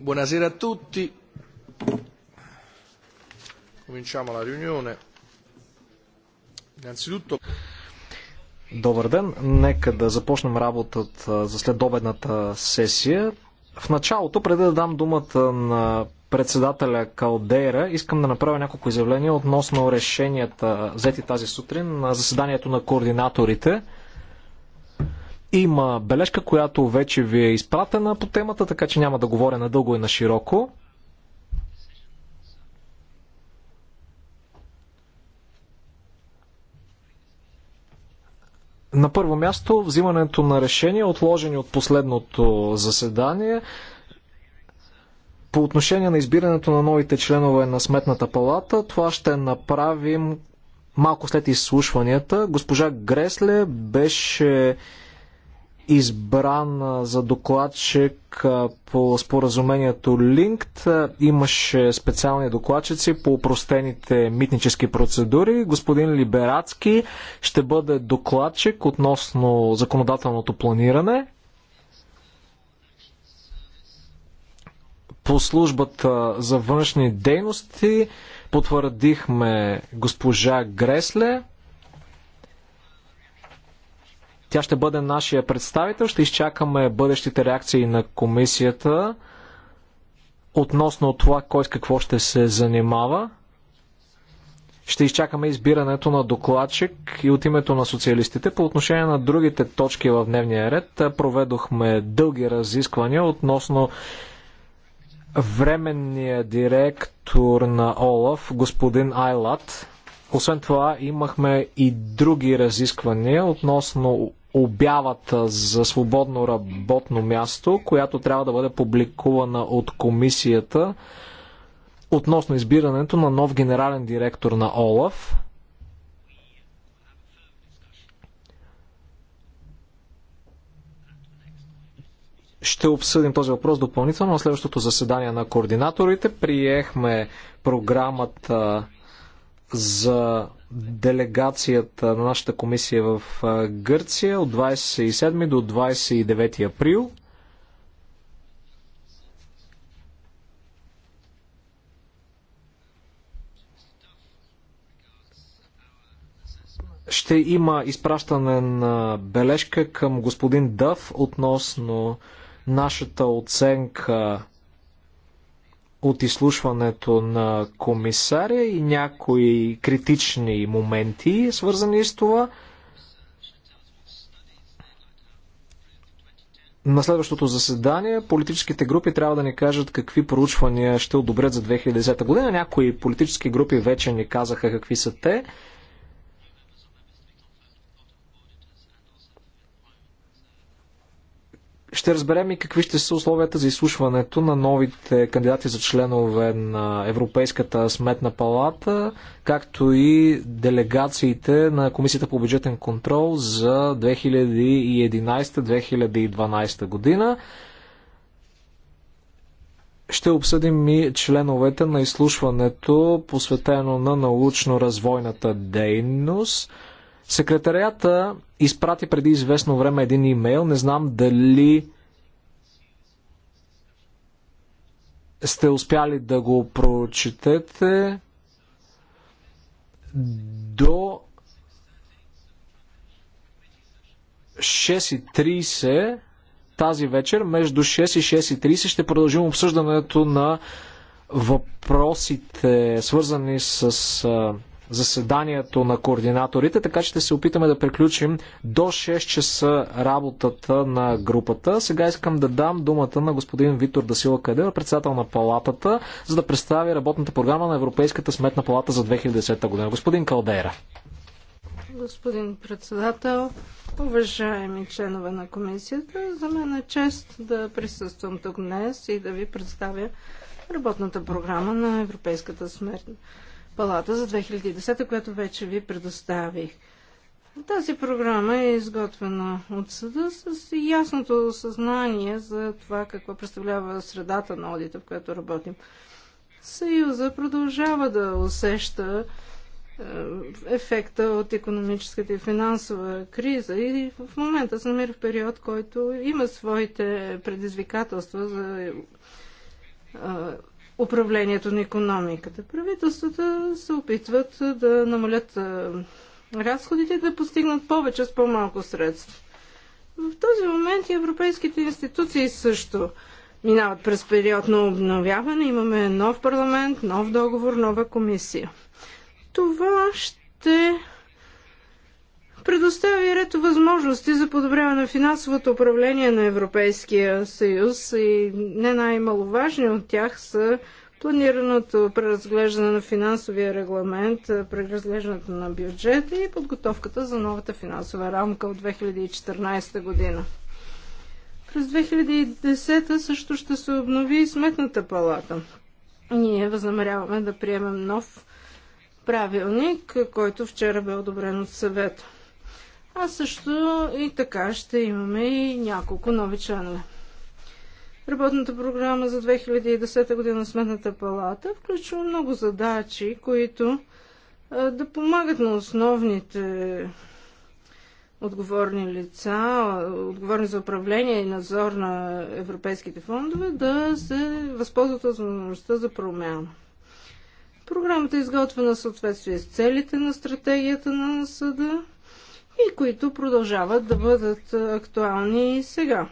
Buonasera a tutti. Cominciamo la riunione. Innanzitutto... Добър ден. Нека да започнем работата за следобедната сесия. В началото, преди да дам думата на председателя Калдейра, искам да направя няколко изявления относно решенията, взети тази сутрин на заседанието на координаторите – има бележка, която вече ви е изпратена по темата, така че няма да говоря надълго и на широко. На първо място, взимането на решения, отложени от последното заседание, по отношение на избирането на новите членове на Сметната палата, това ще направим малко след изслушванията. Госпожа Гресле беше избран за докладчик по споразумението Линкт. Имаше специални докладчици по упростените митнически процедури. Господин Либерацки ще бъде докладчик относно законодателното планиране. По службата за външни дейности потвърдихме госпожа Гресле – тя ще бъде нашия представител. Ще изчакаме бъдещите реакции на комисията относно това кой с какво ще се занимава. Ще изчакаме избирането на докладчик и от името на социалистите. По отношение на другите точки в дневния ред, проведохме дълги разисквания относно временния директор на ОЛАФ, господин Айлат. Освен това, имахме и други разисквания относно обявата за свободно работно място, която трябва да бъде публикувана от комисията относно избирането на нов генерален директор на ОЛАФ. Ще обсъдим този въпрос допълнително на следващото заседание на координаторите. Приехме програмата за делегацията на нашата комисия в Гърция от 27 до 29 април. Ще има изпращане на бележка към господин Дъв относно нашата оценка от изслушването на комисаря и някои критични моменти, свързани с това. На следващото заседание политическите групи трябва да ни кажат какви проучвания ще одобрят за 2010 година. Някои политически групи вече ни казаха какви са те. ще разберем и какви ще са условията за изслушването на новите кандидати за членове на Европейската сметна палата, както и делегациите на Комисията по бюджетен контрол за 2011-2012 година. Ще обсъдим и членовете на изслушването, посветено на научно-развойната дейност – Секретарията изпрати преди известно време един имейл. Не знам дали сте успяли да го прочетете. До 6.30 тази вечер, между 6 и 6.30 ще продължим обсъждането на въпросите, свързани с заседанието на координаторите, така че ще се опитаме да приключим до 6 часа работата на групата. Сега искам да дам думата на господин Витор Дасила Кадева, председател на палатата, за да представи работната програма на Европейската сметна палата за 2010 година. Господин Калдейра. Господин председател, уважаеми членове на комисията, за мен е чест да присъствам тук днес и да ви представя работната програма на Европейската сметна палата палата за 2010, която вече ви предоставих. Тази програма е изготвена от съда с ясното съзнание за това какво представлява средата на одита, в която работим. Съюза продължава да усеща е, ефекта от економическата и финансова криза и в момента се намира в период, който има своите предизвикателства за е, управлението на економиката. Правителствата се опитват да намалят разходите и да постигнат повече с по-малко средства. В този момент и европейските институции също минават през период на обновяване. Имаме нов парламент, нов договор, нова комисия. Това ще предостави ред възможности за подобряване на финансовото управление на Европейския съюз и не най-маловажни от тях са планираното преразглеждане на финансовия регламент, преразглеждането на бюджета и подготовката за новата финансова рамка от 2014 година. През 2010 също ще се обнови и сметната палата. Ние възнамеряваме да приемем нов правилник, който вчера бе одобрен от съвета а също и така ще имаме и няколко нови членове. Работната програма за 2010 година на Сметната палата включва много задачи, които да помагат на основните отговорни лица, отговорни за управление и надзор на европейските фондове, да се възползват от възможността за промяна. Програмата е изготвена в съответствие с целите на стратегията на съда и които продължават да бъдат актуални и сега.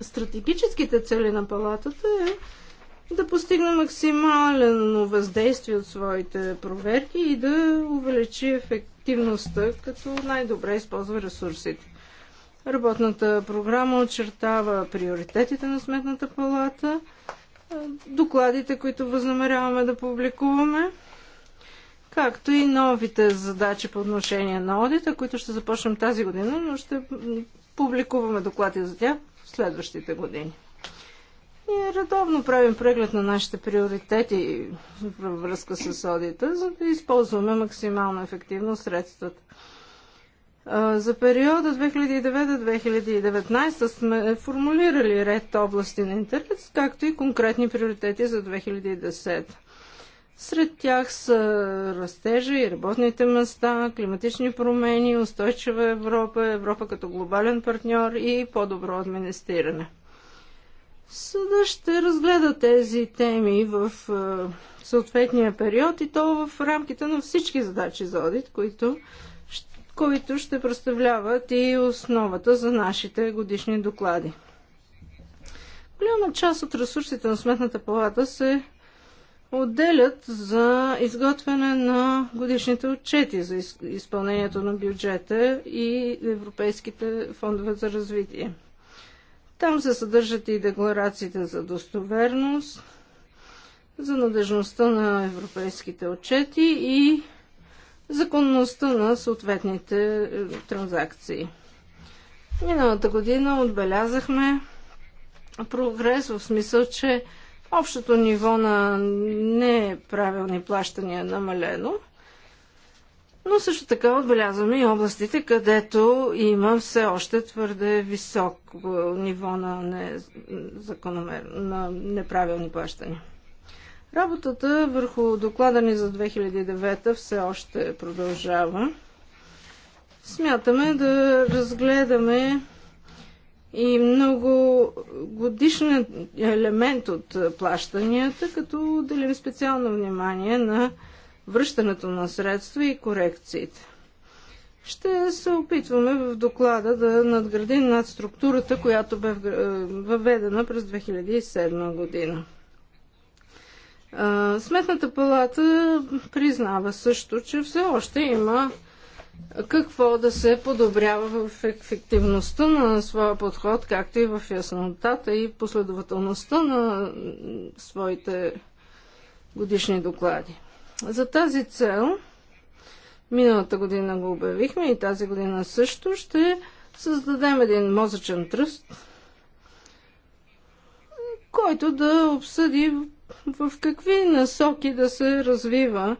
Стратегическите цели на палатата е да постигне максимално въздействие от своите проверки и да увеличи ефективността, като най-добре използва ресурсите. Работната програма очертава приоритетите на Сметната палата, докладите, които възнамеряваме да публикуваме както и новите задачи по отношение на одита, които ще започнем тази година, но ще публикуваме доклади за тях в следващите години. И редовно правим преглед на нашите приоритети във връзка с одита, за да използваме максимално ефективно средствата. За периода 2009-2019 сме формулирали ред области на интерес, както и конкретни приоритети за 2010. Сред тях са растежа и работните места, климатични промени, устойчива Европа, Европа като глобален партньор и по-добро администриране. Съда ще разгледа тези теми в е, съответния период и то в рамките на всички задачи за одит, които, които ще представляват и основата за нашите годишни доклади. Голяма част от ресурсите на Сметната палата се отделят за изготвяне на годишните отчети за изпълнението на бюджета и европейските фондове за развитие. Там се съдържат и декларациите за достоверност, за надежността на европейските отчети и законността на съответните е, транзакции. Миналата година отбелязахме прогрес в смисъл, че Общото ниво на неправилни плащания е намалено, но също така отбелязваме и областите, където има все още твърде висок ниво на, не, закономер, на неправилни плащания. Работата върху доклада ни за 2009 все още продължава. Смятаме да разгледаме и много годишен елемент от е, плащанията, като делим специално внимание на връщането на средства и корекциите. Ще се опитваме в доклада да надградим над структурата, която бе е, въведена през 2007 година. Е, Сметната палата признава също, че все още има какво да се подобрява в ефективността на своя подход, както и в яснотата и последователността на своите годишни доклади. За тази цел, миналата година го обявихме и тази година също, ще създадем един мозъчен тръст, който да обсъди в какви насоки да се развива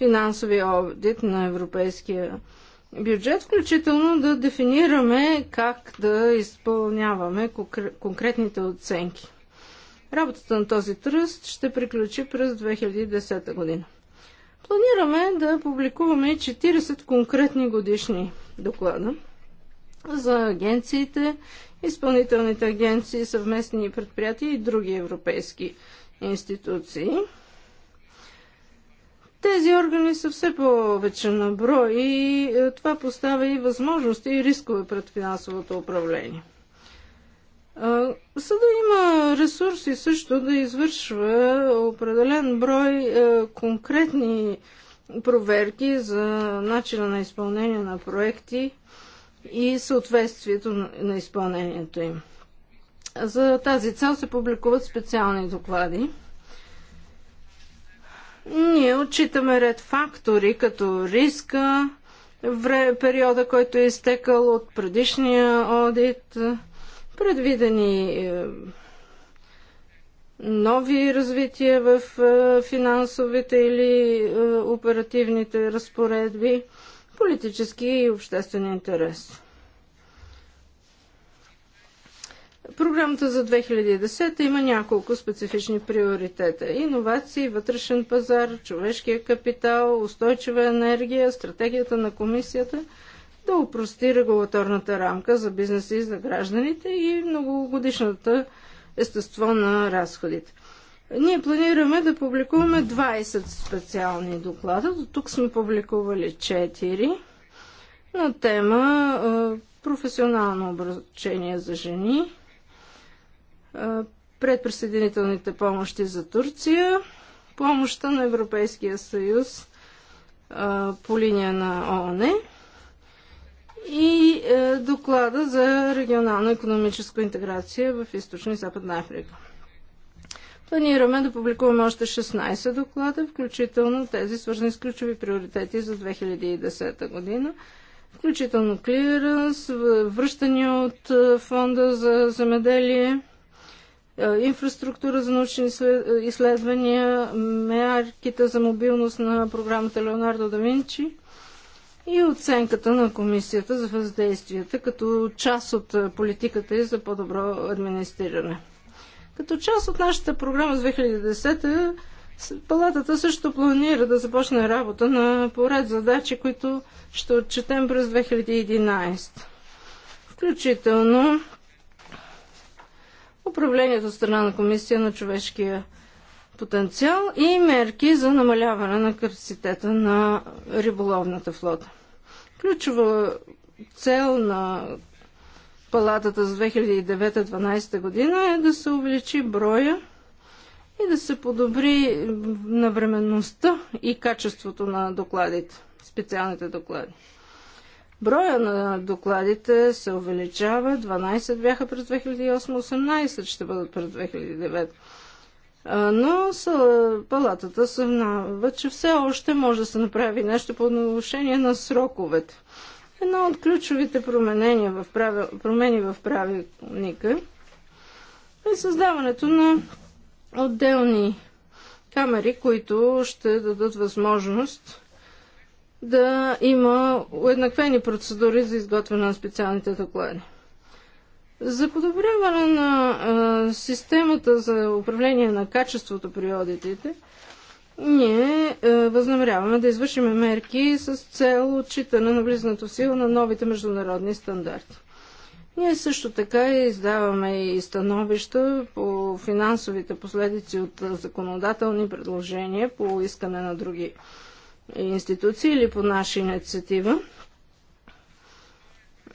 финансовия аудит на европейския бюджет, включително да дефинираме как да изпълняваме конкретните оценки. Работата на този тръст ще приключи през 2010 година. Планираме да публикуваме 40 конкретни годишни доклада за агенциите, изпълнителните агенции, съвместни предприятия и други европейски институции – тези органи са все повече на брой и е, това поставя и възможности и рискове пред финансовото управление. Съда има ресурси също да извършва определен брой е, конкретни проверки за начина на изпълнение на проекти и съответствието на изпълнението им. За тази цел се публикуват специални доклади. Ние отчитаме ред фактори, като риска, вре, периода, който е изтекал от предишния одит, предвидени е, нови развития в е, финансовите или е, оперативните разпоредби, политически и обществен интерес. Програмата за 2010 има няколко специфични приоритета. Иновации, вътрешен пазар, човешкия капитал, устойчива енергия, стратегията на комисията да упрости регулаторната рамка за бизнеса и за гражданите и многогодишната естество на разходите. Ние планираме да публикуваме 20 специални доклада. До тук сме публикували 4 на тема професионално обучение за жени, предприсъединителните помощи за Турция, помощта на Европейския съюз по линия на ООН и е, доклада за регионална економическа интеграция в Източна и Западна Африка. Планираме да публикуваме още 16 доклада, включително тези свързани с ключови приоритети за 2010 година, включително клиренс, връщане от е, фонда за земеделие, е, инфраструктура за научни е, изследвания, мерките за мобилност на програмата Леонардо да Винчи и оценката на комисията за въздействията като част от е, политиката и за по-добро администриране. Като част от нашата програма с 2010 Палатата също планира да започне работа на поред задачи, които ще отчетем през 2011. Включително управлението от страна на Комисия на човешкия потенциал и мерки за намаляване на капацитета на риболовната флота. Ключова цел на палатата за 2009-2012 година е да се увеличи броя и да се подобри навременността и качеството на докладите, специалните доклади. Броя на докладите се увеличава. 12 бяха през 2008, 18 ще бъдат през 2009. Но палатата съзнава, че все още може да се направи нещо по отношение на сроковете. Едно от ключовите в правил... промени в правилника е създаването на отделни камери, които ще дадат възможност да има уеднаквени процедури за изготвяне на специалните доклади. За подобряване на а, системата за управление на качеството при одитите, ние а, възнамеряваме да извършим мерки с цел отчитане на влизането в сила на новите международни стандарти. Ние също така издаваме и становища по финансовите последици от законодателни предложения по искане на други институции или по наша инициатива.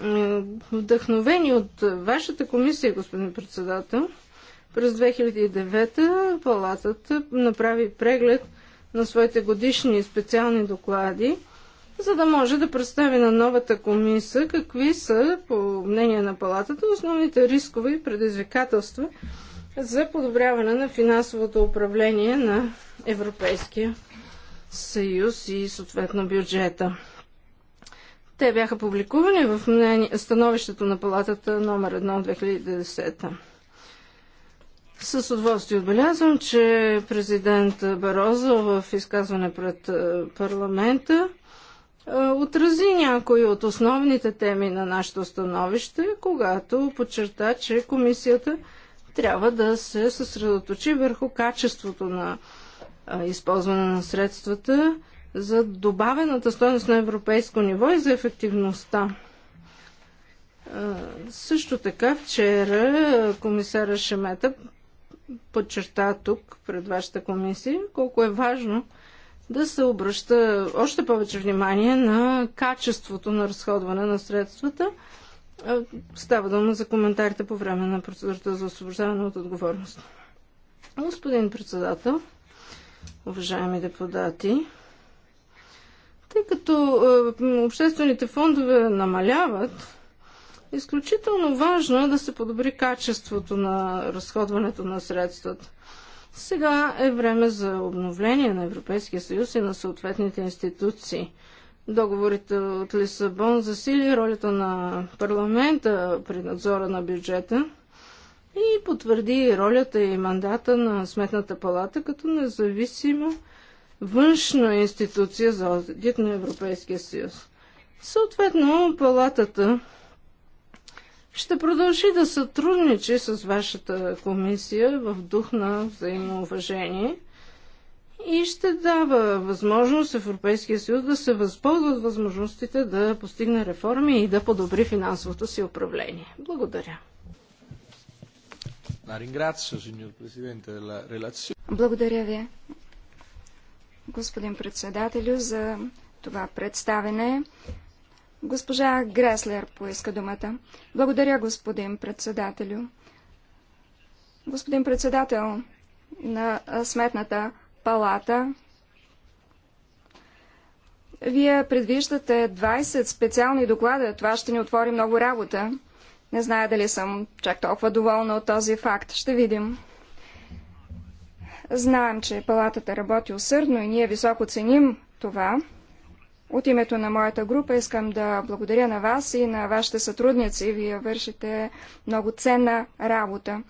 Е, вдъхновени от вашата комисия, господин председател, през 2009 палатата направи преглед на своите годишни специални доклади, за да може да представи на новата комисия какви са, по мнение на палатата, основните рискове и предизвикателства за подобряване на финансовото управление на Европейския съюз и съответно бюджета. Те бяха публикувани в мнение, становището на палатата номер 1 от 2010. С удоволствие отбелязвам, че президент Барозо в изказване пред е, парламента е, отрази някои от основните теми на нашето становище, когато подчерта, че комисията трябва да се съсредоточи върху качеството на използване на средствата, за добавената стоеност на европейско ниво и за ефективността. Също така вчера комисара Шемета подчерта тук пред вашата комисия колко е важно да се обръща още повече внимание на качеството на разходване на средствата. Става дума за коментарите по време на процедурата за освобождаване от отговорност. Господин председател, уважаеми депутати. Тъй като е, обществените фондове намаляват, изключително важно е да се подобри качеството на разходването на средствата. Сега е време за обновление на Европейския съюз и на съответните институции. Договорите от Лисабон засили ролята на парламента при надзора на бюджета – и потвърди ролята и мандата на Сметната палата като независима външна институция за одит на Европейския съюз. Съответно, палатата ще продължи да сътрудничи с вашата комисия в дух на взаимоуважение и ще дава възможност Европейския съюз да се възползва от възможностите да постигне реформи и да подобри финансовото си управление. Благодаря. Благодаря ви, господин председателю, за това представене. Госпожа Греслер поиска думата. Благодаря, господин председателю. Господин председател на Сметната палата, вие предвиждате 20 специални доклада. Това ще ни отвори много работа. Не зная дали съм чак толкова доволна от този факт. Ще видим. Знаем, че палатата работи усърдно и ние високо ценим това. От името на моята група искам да благодаря на вас и на вашите сътрудници. Вие вършите много ценна работа.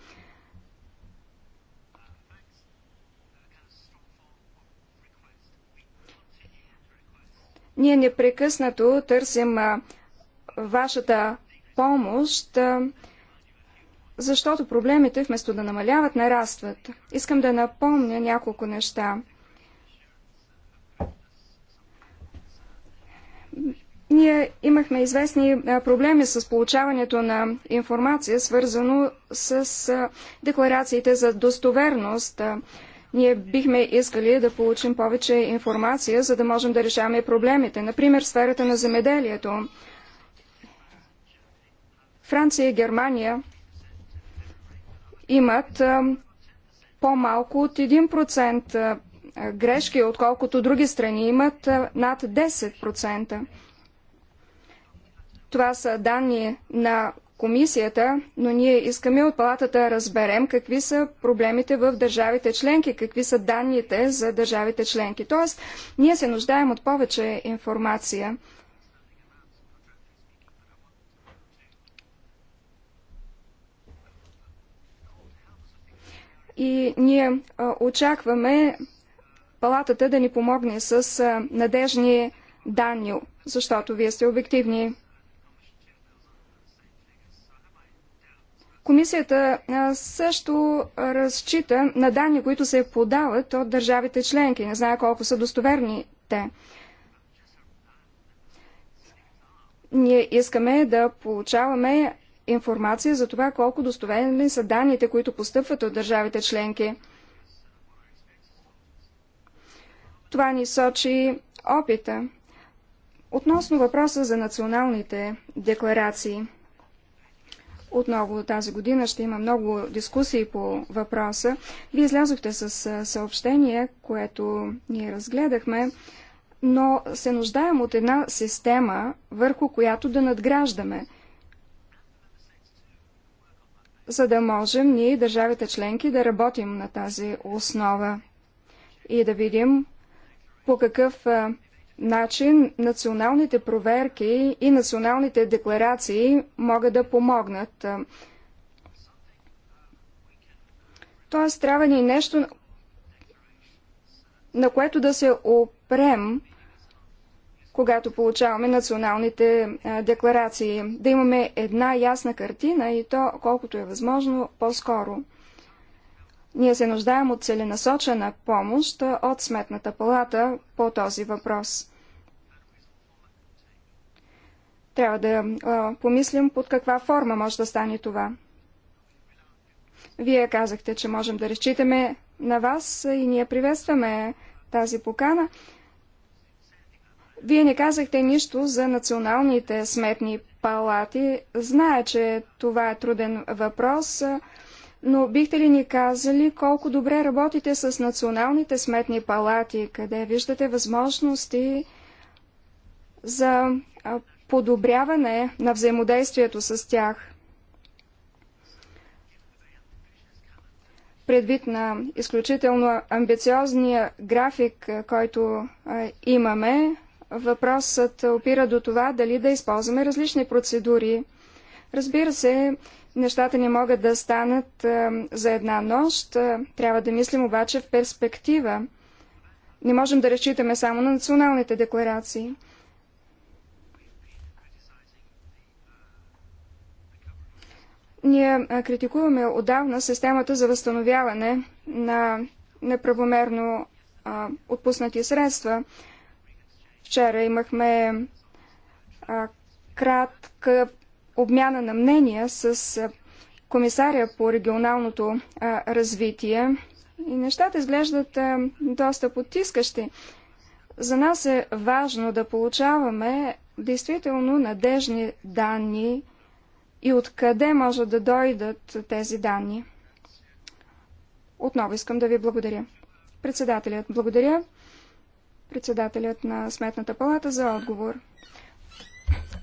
Ние непрекъснато търсим вашата помощ, защото проблемите вместо да намаляват, нарастват. Искам да напомня няколко неща. Ние имахме известни проблеми с получаването на информация, свързано с декларациите за достоверност. Ние бихме искали да получим повече информация, за да можем да решаваме проблемите, например сферата на земеделието. Франция и Германия имат по-малко от 1% грешки, отколкото други страни имат над 10%. Това са данни на комисията, но ние искаме от палатата да разберем какви са проблемите в държавите членки, какви са данните за държавите членки. Тоест, ние се нуждаем от повече информация. и ние очакваме палатата да ни помогне с надежни данни, защото вие сте обективни. Комисията също разчита на данни, които се подават от държавите членки. Не знае колко са достоверни те. Ние искаме да получаваме информация за това колко достоверни са данните, които постъпват от държавите членки. Това ни сочи опита. Относно въпроса за националните декларации. Отново тази година ще има много дискусии по въпроса. Вие излязохте с съобщение, което ние разгледахме, но се нуждаем от една система, върху която да надграждаме за да можем ние, държавите членки, да работим на тази основа и да видим по какъв начин националните проверки и националните декларации могат да помогнат. Тоест, трябва ни нещо, на което да се опрем, когато получаваме националните декларации. Да имаме една ясна картина и то, колкото е възможно, по-скоро. Ние се нуждаем от целенасочена помощ от Сметната палата по този въпрос. Трябва да а, помислим под каква форма може да стане това. Вие казахте, че можем да разчитаме на вас и ние приветстваме тази покана. Вие не казахте нищо за националните сметни палати. Зная, че това е труден въпрос, но бихте ли ни казали колко добре работите с националните сметни палати, къде виждате възможности за подобряване на взаимодействието с тях? Предвид на изключително амбициозния график, който имаме, Въпросът опира до това дали да използваме различни процедури. Разбира се, нещата не могат да станат за една нощ. Трябва да мислим обаче в перспектива. Не можем да разчитаме само на националните декларации. Ние критикуваме отдавна системата за възстановяване на неправомерно а, отпуснати средства. Вчера имахме а, кратка обмяна на мнения с а, комисаря по регионалното а, развитие и нещата изглеждат а, доста потискащи. За нас е важно да получаваме действително надежни данни и откъде може да дойдат тези данни. Отново искам да ви благодаря. Председателят, благодаря председателят на Сметната палата за отговор.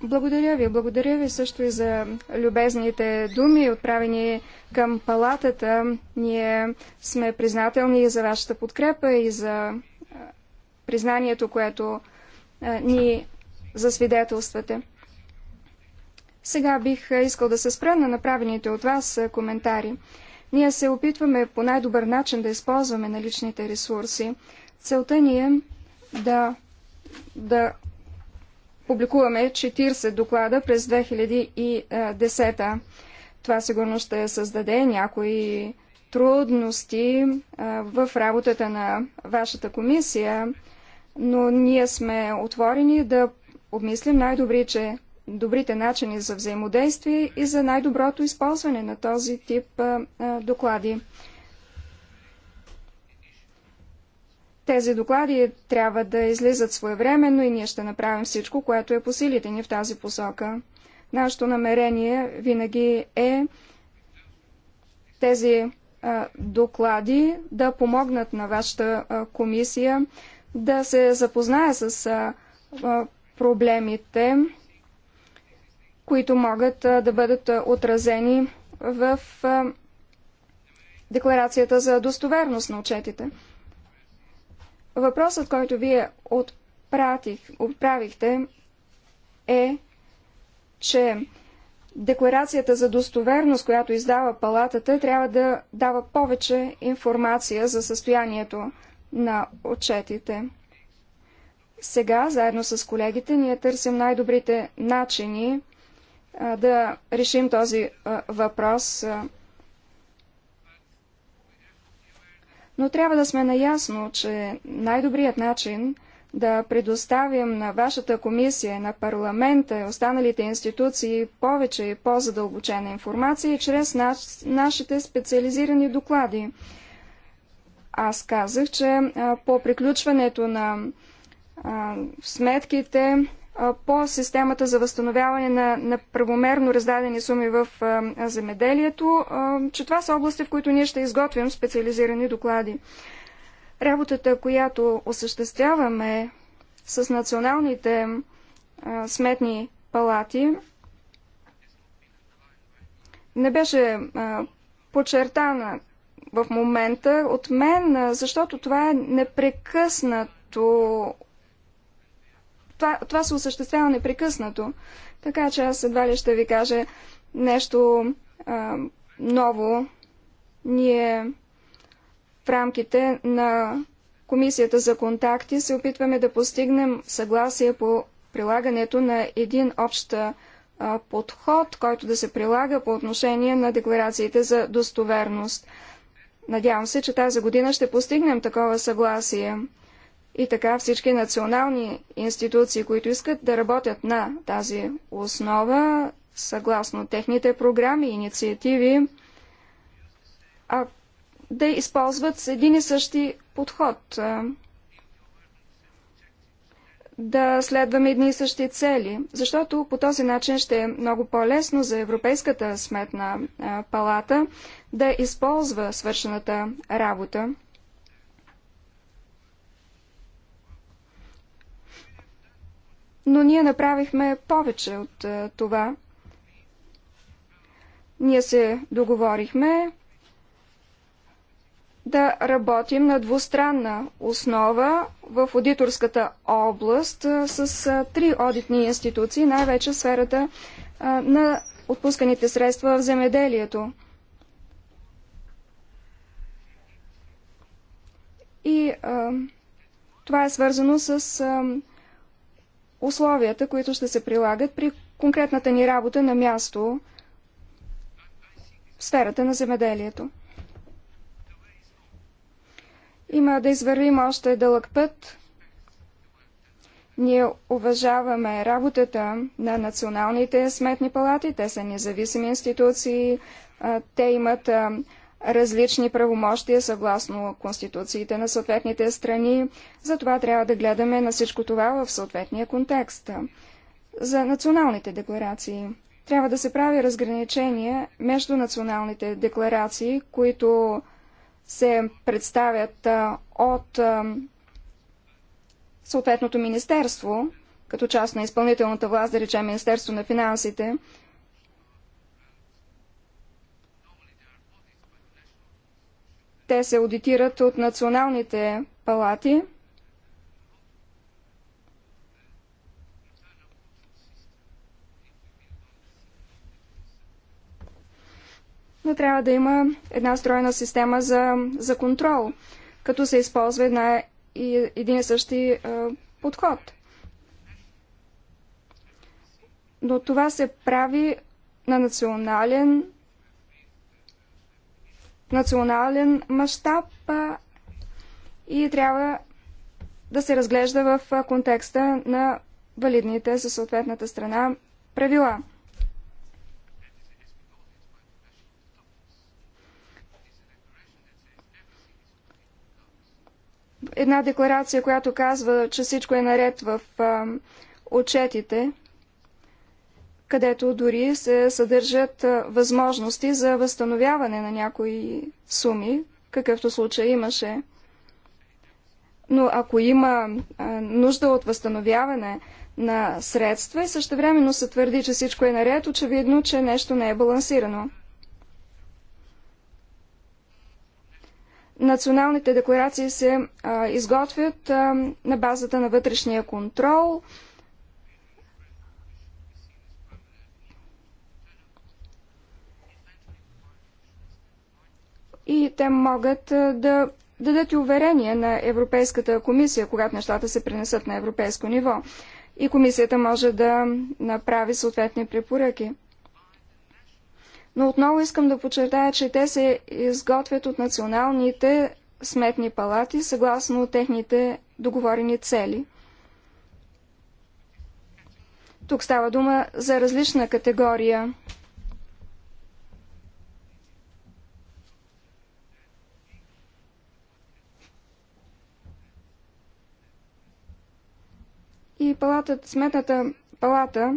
Благодаря ви. Благодаря ви също и за любезните думи, отправени към палатата. Ние сме признателни и за вашата подкрепа и за признанието, което ни засвидетелствате. Сега бих искал да се спра на направените от вас коментари. Ние се опитваме по най-добър начин да използваме наличните ресурси. Целта ни е да, да публикуваме 40 доклада през 2010. Това сигурно ще създаде някои трудности в работата на вашата комисия, но ние сме отворени да обмислим най-добрите добрите начини за взаимодействие и за най-доброто използване на този тип доклади. Тези доклади трябва да излизат своевременно и ние ще направим всичко, което е по силите ни в тази посока. Нашето намерение винаги е тези а, доклади да помогнат на вашата а, комисия да се запознае с а, проблемите, които могат да бъдат отразени в декларацията за достоверност на отчетите. Въпросът, който вие отпратих, отправихте е, че декларацията за достоверност, която издава палатата, трябва да дава повече информация за състоянието на отчетите. Сега, заедно с колегите, ние търсим най-добрите начини да решим този въпрос. Но трябва да сме наясно, че най-добрият начин да предоставим на вашата комисия, на парламента и останалите институции повече и по-задълбочена информация чрез наш, нашите специализирани доклади. Аз казах, че а, по приключването на а, сметките по системата за възстановяване на, на правомерно раздадени суми в а, земеделието, а, че това са области, в които ние ще изготвим специализирани доклади. Работата, която осъществяваме с националните а, сметни палати, не беше подчертана в момента от мен, защото това е непрекъснато това, това се осъществява непрекъснато. Така че аз едва ли ще ви кажа нещо а, ново. Ние в рамките на Комисията за контакти се опитваме да постигнем съгласие по прилагането на един общ подход, който да се прилага по отношение на декларациите за достоверност. Надявам се, че тази година ще постигнем такова съгласие. И така всички национални институции, които искат да работят на тази основа, съгласно техните програми и инициативи, а да използват с един и същи подход, да следваме едни и същи цели, защото по този начин ще е много по-лесно за Европейската сметна палата да използва свършената работа. Но ние направихме повече от е, това. Ние се договорихме да работим на двустранна основа в аудиторската област е, с е, три одитни институции, най-вече сферата на отпусканите средства в земеделието. И а, това е свързано с а, условията, които ще се прилагат при конкретната ни работа на място в сферата на земеделието. Има да извървим още дълъг път. Ние уважаваме работата на националните сметни палати. Те са независими институции. Те имат различни правомощия съгласно конституциите на съответните страни. Затова трябва да гледаме на всичко това в съответния контекст. За националните декларации. Трябва да се прави разграничение между националните декларации, които се представят от съответното министерство, като част на изпълнителната власт, да речем Министерство на финансите, Те се аудитират от националните палати. Но трябва да има една стройна система за, за контрол, като се използва една и един и същи а, подход. Но това се прави на национален национален мащаб и трябва да се разглежда в контекста на валидните за съответната страна правила. Една декларация, която казва, че всичко е наред в отчетите, където дори се съдържат възможности за възстановяване на някои суми, какъвто случай имаше. Но ако има нужда от възстановяване на средства и същевременно се твърди, че всичко е наред, очевидно, че нещо не е балансирано. Националните декларации се а, изготвят а, на базата на вътрешния контрол – и те могат да дадат и уверение на Европейската комисия, когато нещата се принесат на европейско ниво. И комисията може да направи съответни препоръки. Но отново искам да подчертая, че те се изготвят от националните сметни палати съгласно техните договорени цели. Тук става дума за различна категория палатът, сметната палата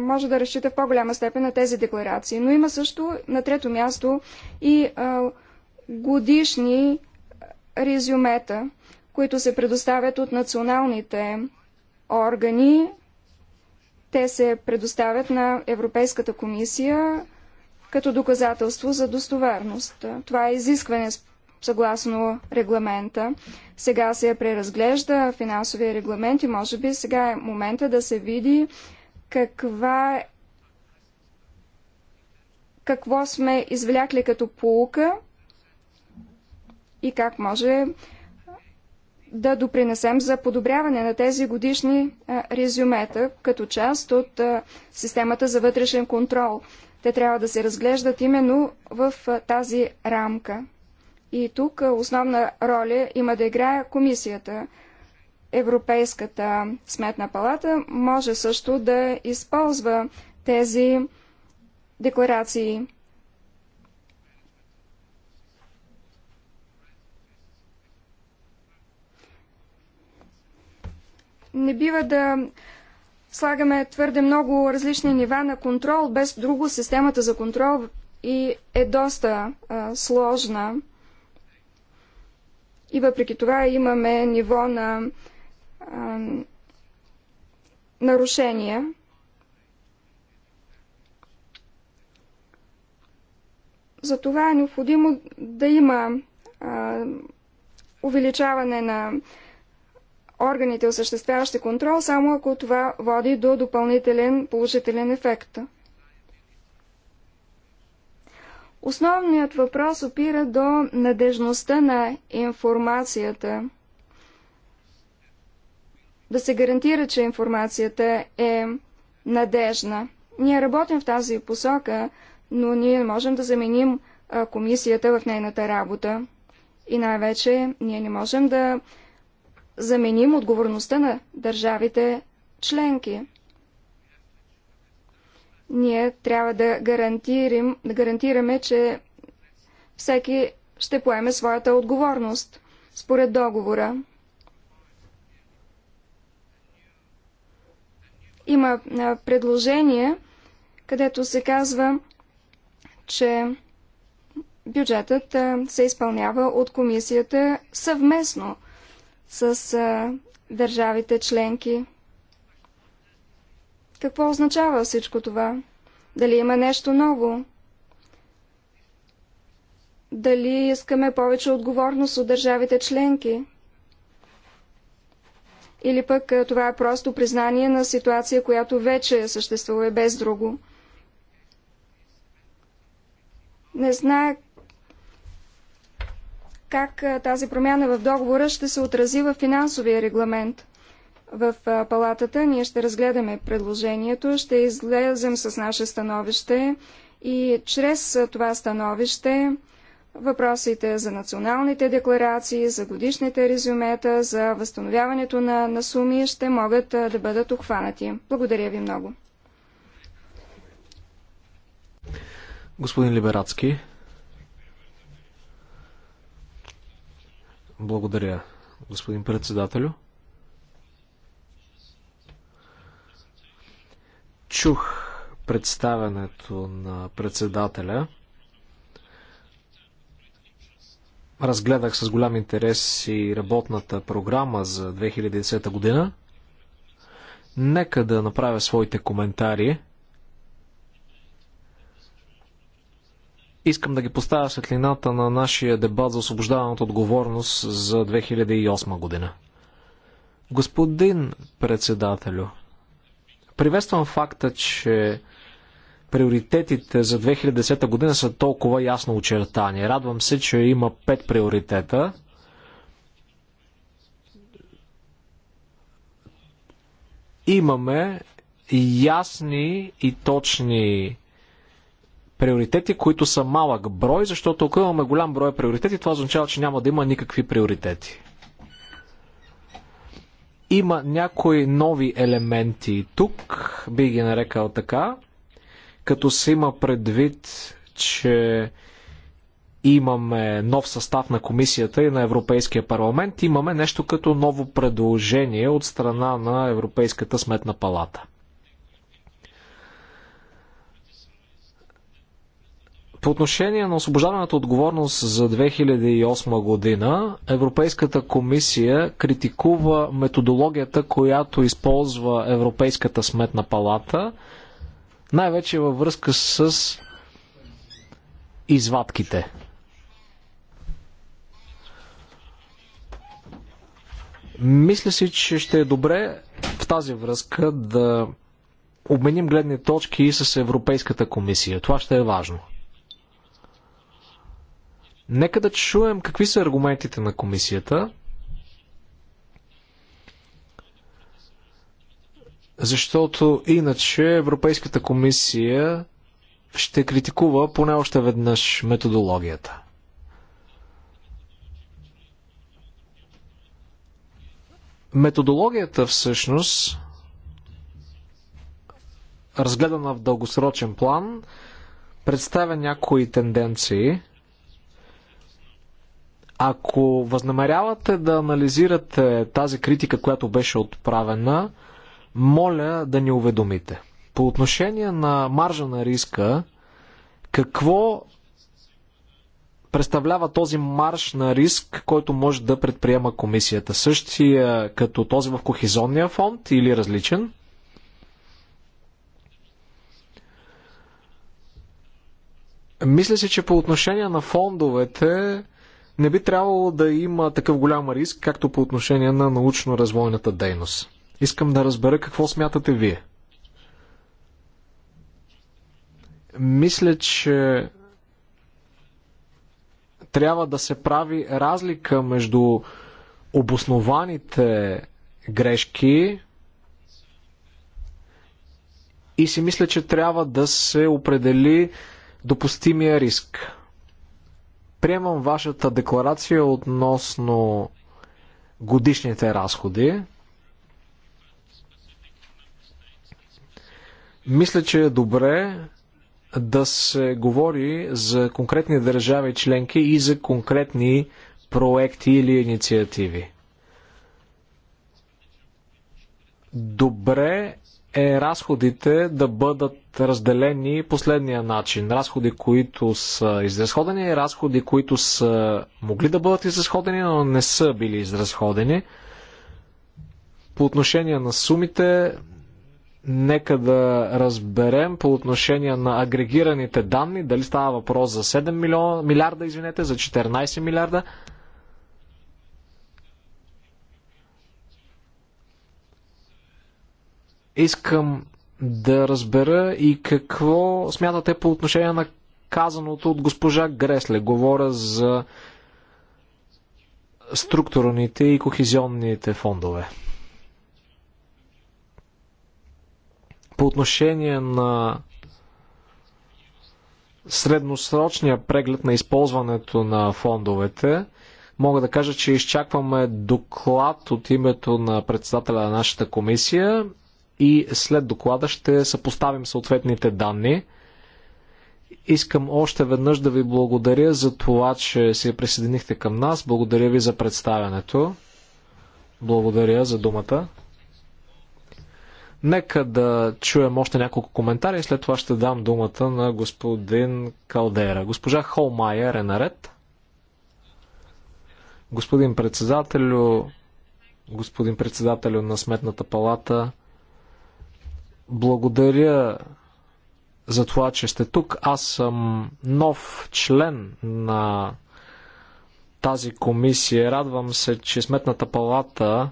може да разчита в по-голяма степен на тези декларации. Но има също на трето място и годишни резюмета, които се предоставят от националните органи. Те се предоставят на Европейската комисия като доказателство за достоверност. Това е изискване съгласно регламента. Сега се преразглежда финансовия регламент и може би сега е момента да се види каква е- какво сме извлякли като полука и как може да допринесем за подобряване на тези годишни резюмета като част от системата за вътрешен контрол. Те трябва да се разглеждат именно в тази рамка. И тук основна роля има да играе комисията. Европейската сметна палата може също да използва тези декларации. Не бива да слагаме твърде много различни нива на контрол, без друго системата за контрол и е доста а, сложна. И въпреки това имаме ниво на а, нарушения. Затова е необходимо да има а, увеличаване на органите, осъществяващи контрол, само ако това води до допълнителен положителен ефект. Основният въпрос опира до надежността на информацията. Да се гарантира, че информацията е надежна. Ние работим в тази посока, но ние не можем да заменим комисията в нейната работа. И най-вече ние не можем да заменим отговорността на държавите членки. Ние трябва да, гарантирим, да гарантираме, че всеки ще поеме своята отговорност според договора. Има предложение, където се казва, че бюджетът се изпълнява от комисията съвместно с държавите членки. Какво означава всичко това? Дали има нещо ново? Дали искаме повече отговорност от държавите членки? Или пък това е просто признание на ситуация, която вече съществува без друго? Не знае как тази промяна в договора ще се отрази в финансовия регламент в палатата. Ние ще разгледаме предложението, ще излезем с наше становище и чрез това становище въпросите за националните декларации, за годишните резюмета, за възстановяването на, на суми ще могат да бъдат обхванати. Благодаря ви много. Господин Либерацки, благодаря, господин председателю. Чух представянето на председателя. Разгледах с голям интерес и работната програма за 2010 година. Нека да направя своите коментари. Искам да ги поставя светлината на нашия дебат за освобождаването отговорност за 2008 година. Господин председателю, Приветствам факта, че приоритетите за 2010 година са толкова ясно очертани. Радвам се, че има пет приоритета. Имаме ясни и точни приоритети, които са малък брой, защото ако имаме голям брой приоритети, това означава, че няма да има никакви приоритети. Има някои нови елементи тук, би ги нарекал така, като се има предвид, че имаме нов състав на комисията и на Европейския парламент, имаме нещо като ново предложение от страна на Европейската сметна палата. По отношение на освобождаването отговорност за 2008 година, Европейската комисия критикува методологията, която използва Европейската сметна палата, най-вече във връзка с извадките. Мисля си, че ще е добре в тази връзка да обменим гледни точки и с Европейската комисия. Това ще е важно. Нека да чуем какви са аргументите на комисията. Защото иначе Европейската комисия ще критикува поне още веднъж методологията. Методологията всъщност, разгледана в дългосрочен план, представя някои тенденции – ако възнамерявате да анализирате тази критика, която беше отправена, моля да ни уведомите. По отношение на маржа на риска, какво представлява този марш на риск, който може да предприема комисията? Същия като този в Кохизонния фонд или различен? Мисля си, че по отношение на фондовете не би трябвало да има такъв голям риск, както по отношение на научно-развойната дейност. Искам да разбера какво смятате вие. Мисля, че трябва да се прави разлика между обоснованите грешки и си мисля, че трябва да се определи допустимия риск. Приемам вашата декларация относно годишните разходи. Мисля, че е добре да се говори за конкретни държави членки и за конкретни проекти или инициативи. Добре е разходите да бъдат разделени последния начин. Разходи, които са изразходени и разходи, които са могли да бъдат изразходени, но не са били изразходени. По отношение на сумите, нека да разберем по отношение на агрегираните данни, дали става въпрос за 7 милиона, милиарда, извинете, за 14 милиарда – Искам да разбера и какво смятате по отношение на казаното от госпожа Гресле. Говоря за структурните и кохезионните фондове. По отношение на средносрочния преглед на използването на фондовете, мога да кажа, че изчакваме доклад от името на председателя на нашата комисия и след доклада ще съпоставим съответните данни. Искам още веднъж да ви благодаря за това, че се присъединихте към нас. Благодаря ви за представянето. Благодаря за думата. Нека да чуем още няколко коментари и след това ще дам думата на господин Калдера. Госпожа Холмайер е наред. Господин председателю, господин председателю на Сметната палата, благодаря за това, че сте тук. Аз съм нов член на тази комисия. Радвам се, че Сметната палата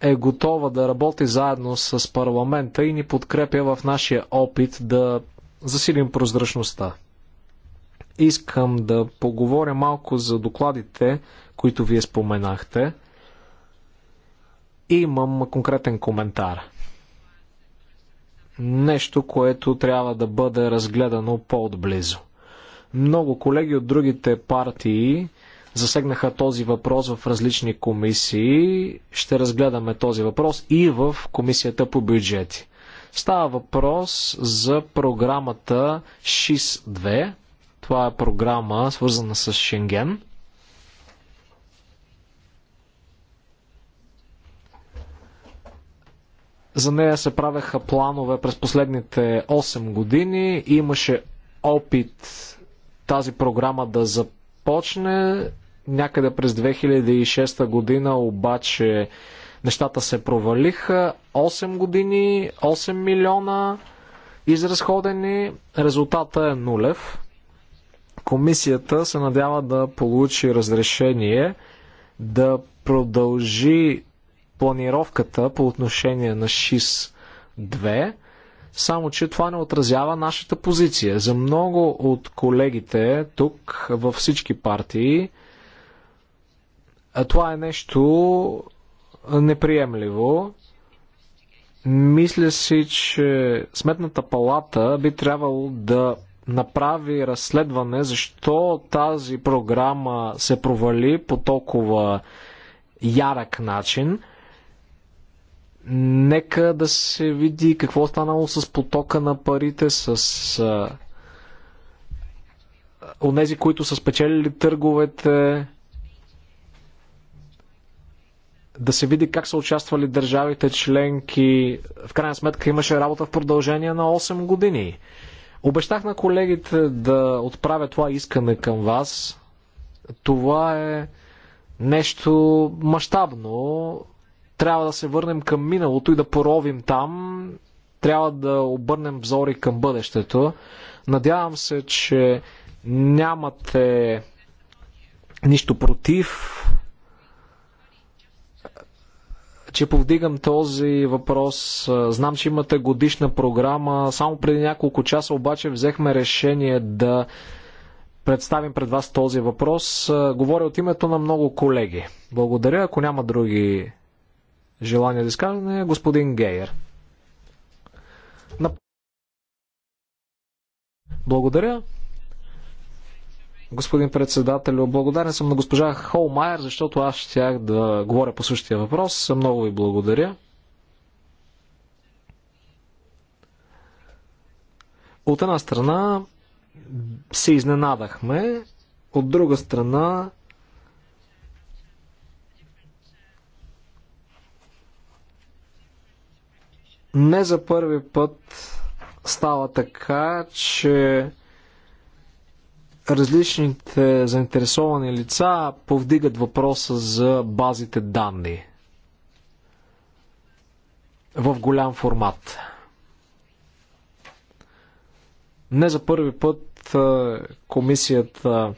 е готова да работи заедно с парламента и ни подкрепя в нашия опит да засилим прозрачността. Искам да поговоря малко за докладите, които вие споменахте. Имам конкретен коментар нещо, което трябва да бъде разгледано по-отблизо. Много колеги от другите партии засегнаха този въпрос в различни комисии. Ще разгледаме този въпрос и в комисията по бюджети. Става въпрос за програмата ШИС-2. Това е програма свързана с Шенген. За нея се правеха планове през последните 8 години. Имаше опит тази програма да започне някъде през 2006 година, обаче нещата се провалиха. 8 години, 8 милиона изразходени, резултата е нулев. Комисията се надява да получи разрешение да продължи планировката по отношение на ШИС-2, само че това не отразява нашата позиция. За много от колегите тук, във всички партии, това е нещо неприемливо. Мисля си, че Сметната палата би трябвало да направи разследване защо тази програма се провали по толкова ярък начин – Нека да се види какво е станало с потока на парите, с онези, които са спечелили търговете, да се види как са участвали държавите членки. В крайна сметка имаше работа в продължение на 8 години. Обещах на колегите да отправя това искане към вас. Това е нещо мащабно. Трябва да се върнем към миналото и да поровим там. Трябва да обърнем взори към бъдещето. Надявам се, че нямате нищо против, че повдигам този въпрос. Знам, че имате годишна програма. Само преди няколко часа обаче взехме решение да представим пред вас този въпрос. Говоря от името на много колеги. Благодаря. Ако няма други желание за изказване. Господин Гейер. Благодаря. Господин председател, благодарен съм на госпожа Холмайер, защото аз щях да говоря по същия въпрос. Много ви благодаря. От една страна се изненадахме, от друга страна Не за първи път става така, че различните заинтересовани лица повдигат въпроса за базите данни в голям формат. Не за първи път комисията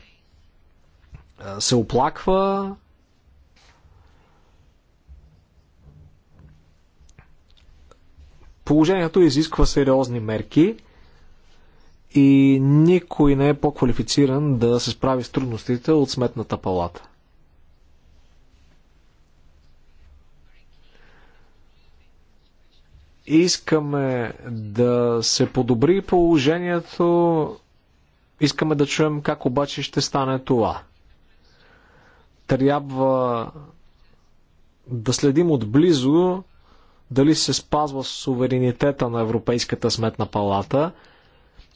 се оплаква Положението изисква сериозни мерки и никой не е по-квалифициран да се справи с трудностите от сметната палата. Искаме да се подобри положението, искаме да чуем как обаче ще стане това. Трябва да следим отблизо дали се спазва суверенитета на Европейската сметна палата.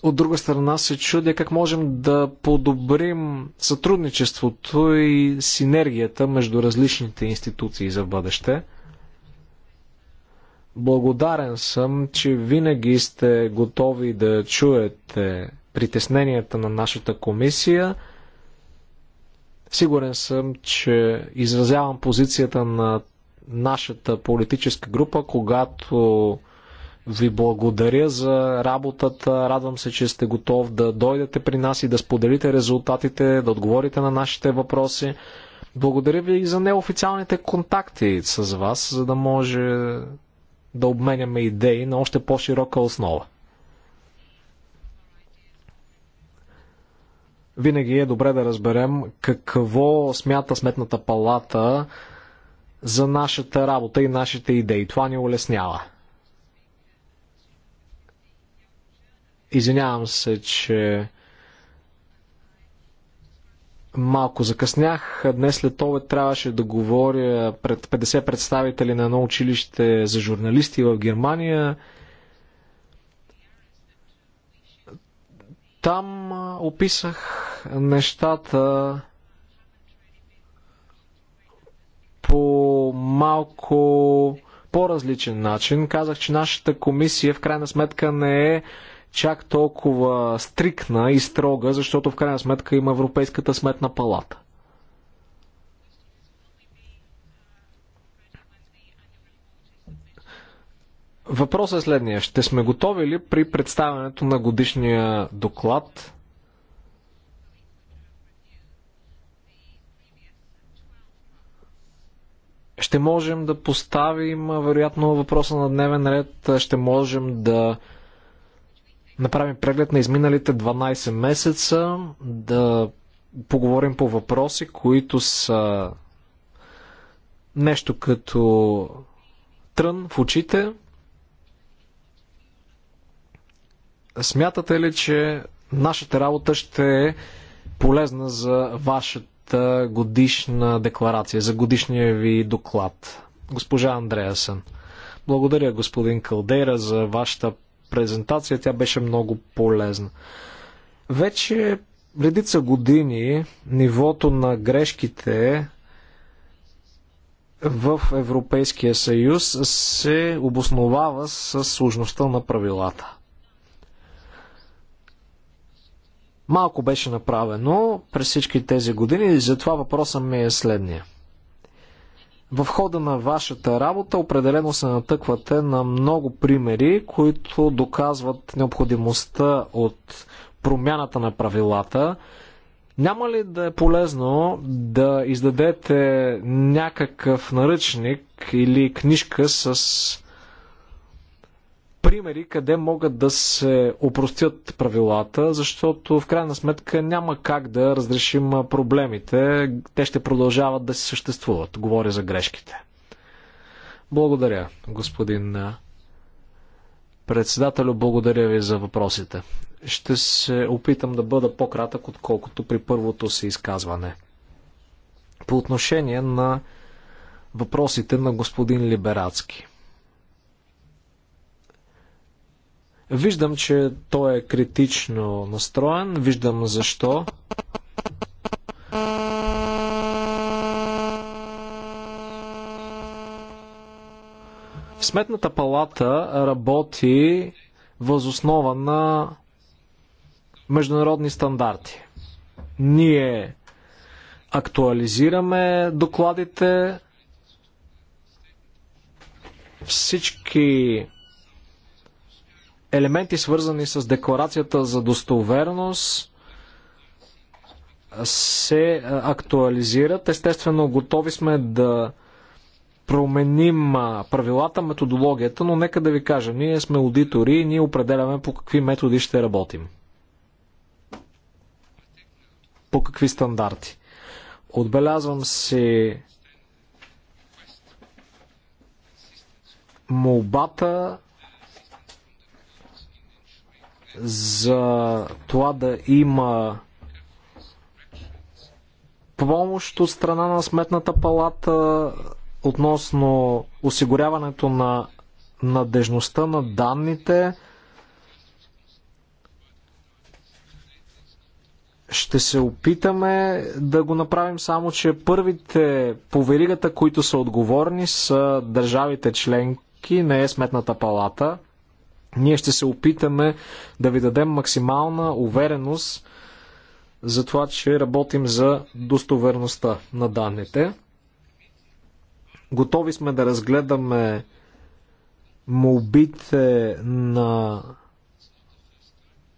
От друга страна се чудя как можем да подобрим сътрудничеството и синергията между различните институции за бъдеще. Благодарен съм, че винаги сте готови да чуете притесненията на нашата комисия. Сигурен съм, че изразявам позицията на нашата политическа група, когато ви благодаря за работата. Радвам се, че сте готов да дойдете при нас и да споделите резултатите, да отговорите на нашите въпроси. Благодаря ви и за неофициалните контакти с вас, за да може да обменяме идеи на още по-широка основа. Винаги е добре да разберем какво смята Сметната палата за нашата работа и нашите идеи. Това ни улеснява. Извинявам се, че малко закъснях. Днес след обед трябваше да говоря пред 50 представители на едно училище за журналисти в Германия. Там описах нещата по малко по-различен начин. Казах, че нашата комисия в крайна сметка не е чак толкова стрикна и строга, защото в крайна сметка има Европейската сметна палата. Въпросът е следния. Ще сме готови ли при представянето на годишния доклад Ще можем да поставим, вероятно, въпроса на дневен ред. Ще можем да направим преглед на изминалите 12 месеца, да поговорим по въпроси, които са нещо като трън в очите. Смятате ли, че нашата работа ще е полезна за вашето годишна декларация, за годишния ви доклад. Госпожа Андреасен, благодаря господин Калдейра за вашата презентация. Тя беше много полезна. Вече редица години нивото на грешките в Европейския съюз се обосновава с сложността на правилата. Малко беше направено през всички тези години и затова въпросът ми е следния. В хода на вашата работа определено се натъквате на много примери, които доказват необходимостта от промяната на правилата. Няма ли да е полезно да издадете някакъв наръчник или книжка с примери, къде могат да се опростят правилата, защото в крайна сметка няма как да разрешим проблемите. Те ще продължават да се съществуват. Говоря за грешките. Благодаря, господин председателю. Благодаря ви за въпросите. Ще се опитам да бъда по-кратък, отколкото при първото си изказване. По отношение на въпросите на господин Либерацки. Виждам, че той е критично настроен, виждам защо. В Сметната палата работи възоснова на международни стандарти. Ние актуализираме докладите, всички елементи свързани с декларацията за достоверност се актуализират. Естествено, готови сме да променим правилата, методологията, но нека да ви кажа, ние сме аудитори и ние определяме по какви методи ще работим. По какви стандарти. Отбелязвам си молбата за това да има помощ от страна на Сметната палата относно осигуряването на надежността на данните. Ще се опитаме да го направим само, че първите по веригата, които са отговорни, са държавите членки, не е Сметната палата. Ние ще се опитаме да ви дадем максимална увереност за това, че работим за достоверността на данните. Готови сме да разгледаме молбите на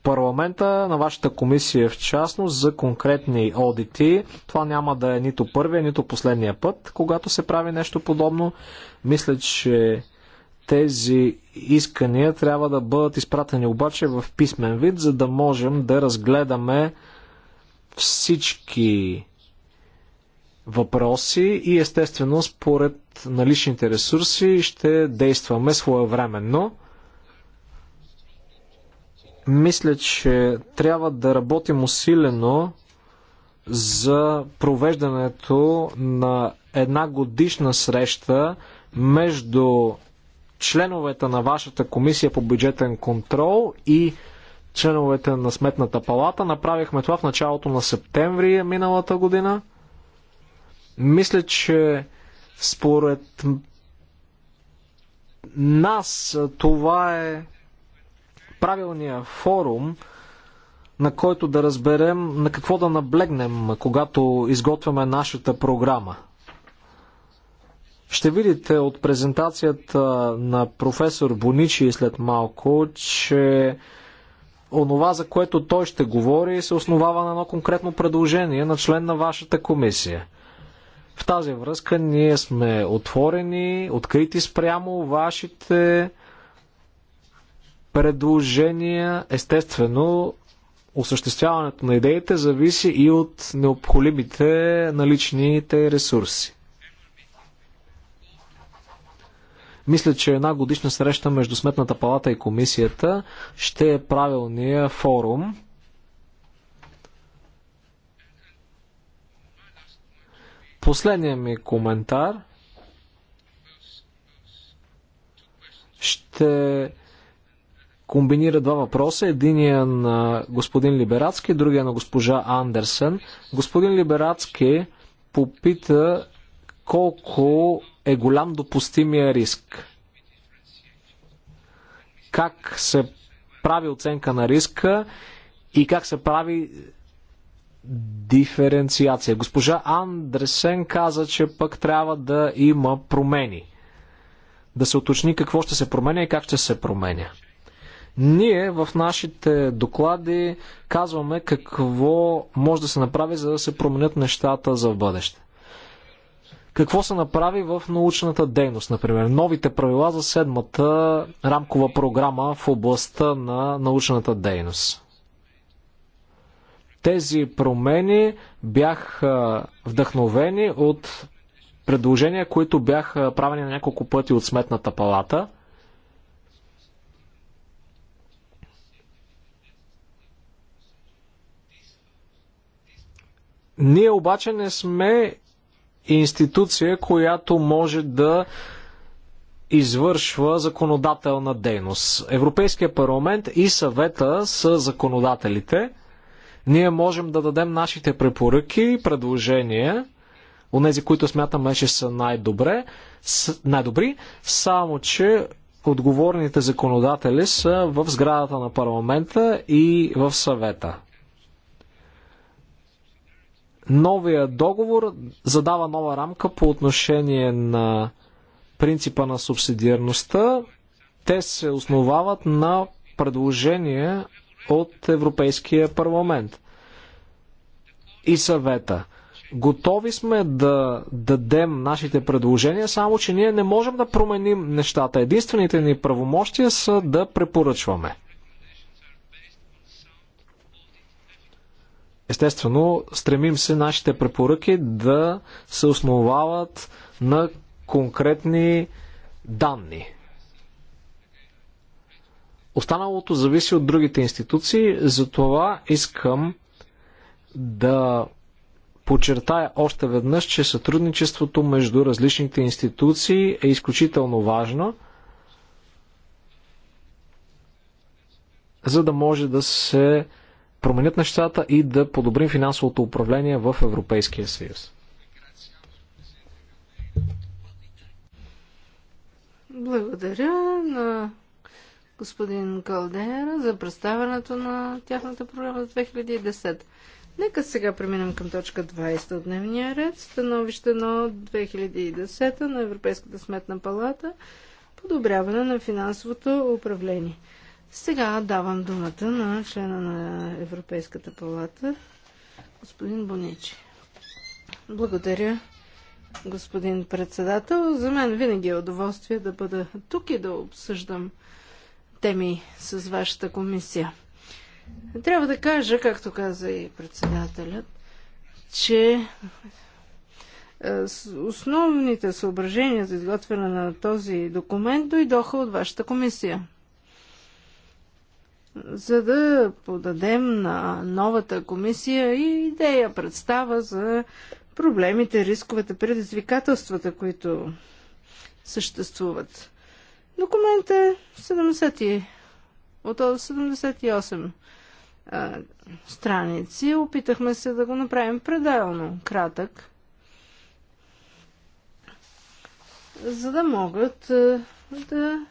парламента, на вашата комисия в частност, за конкретни одити. Това няма да е нито първия, нито последния път, когато се прави нещо подобно. Мисля, че тези искания трябва да бъдат изпратени обаче в писмен вид, за да можем да разгледаме всички въпроси и естествено според наличните ресурси ще действаме своевременно. Мисля, че трябва да работим усилено за провеждането на една годишна среща между членовете на вашата комисия по бюджетен контрол и членовете на Сметната палата. Направихме това в началото на септември миналата година. Мисля, че според нас това е правилният форум, на който да разберем на какво да наблегнем, когато изготвяме нашата програма ще видите от презентацията на професор Боничи след малко, че онова, за което той ще говори, се основава на едно конкретно предложение на член на вашата комисия. В тази връзка ние сме отворени, открити спрямо вашите предложения. Естествено, осъществяването на идеите зависи и от необходимите наличните ресурси. Мисля, че една годишна среща между Сметната палата и комисията ще е правилния форум. Последният ми коментар ще комбинира два въпроса. Единия на господин Либерацки, другия на госпожа Андерсен. Господин Либерацки попита колко е голям допустимия риск. Как се прави оценка на риска и как се прави диференциация. Госпожа Андресен каза, че пък трябва да има промени. Да се уточни какво ще се променя и как ще се променя. Ние в нашите доклади казваме какво може да се направи, за да се променят нещата за в бъдеще какво се направи в научната дейност, например. Новите правила за седмата рамкова програма в областта на научната дейност. Тези промени бяха вдъхновени от предложения, които бяха правени на няколко пъти от Сметната палата. Ние обаче не сме институция, която може да извършва законодателна дейност. Европейския парламент и съвета са законодателите. Ние можем да дадем нашите препоръки и предложения, онези, които смятаме, че са най-добре, най-добри, само че отговорните законодатели са в сградата на парламента и в съвета. Новия договор задава нова рамка по отношение на принципа на субсидиарността. Те се основават на предложения от Европейския парламент и съвета. Готови сме да дадем нашите предложения, само че ние не можем да променим нещата. Единствените ни правомощия са да препоръчваме. Естествено, стремим се нашите препоръки да се основават на конкретни данни. Останалото зависи от другите институции, затова искам да подчертая още веднъж, че сътрудничеството между различните институции е изключително важно, за да може да се променят нещата и да подобрим финансовото управление в Европейския съюз. Благодаря на господин Калдера за представянето на тяхната програма за 2010. Нека сега преминем към точка 20 от дневния ред. Становище на 2010 на Европейската сметна палата. Подобряване на финансовото управление. Сега давам думата на члена на Европейската палата, господин Боничи. Благодаря, господин председател. За мен винаги е удоволствие да бъда тук и да обсъждам теми с вашата комисия. Трябва да кажа, както каза и председателят, че е, основните съображения за изготвяне на този документ дойдоха от вашата комисия за да подадем на новата комисия и идея представа за проблемите, рисковете, предизвикателствата, които съществуват. Документ е 70, от 78 а, страници. Опитахме се да го направим пределно кратък, за да могат а, да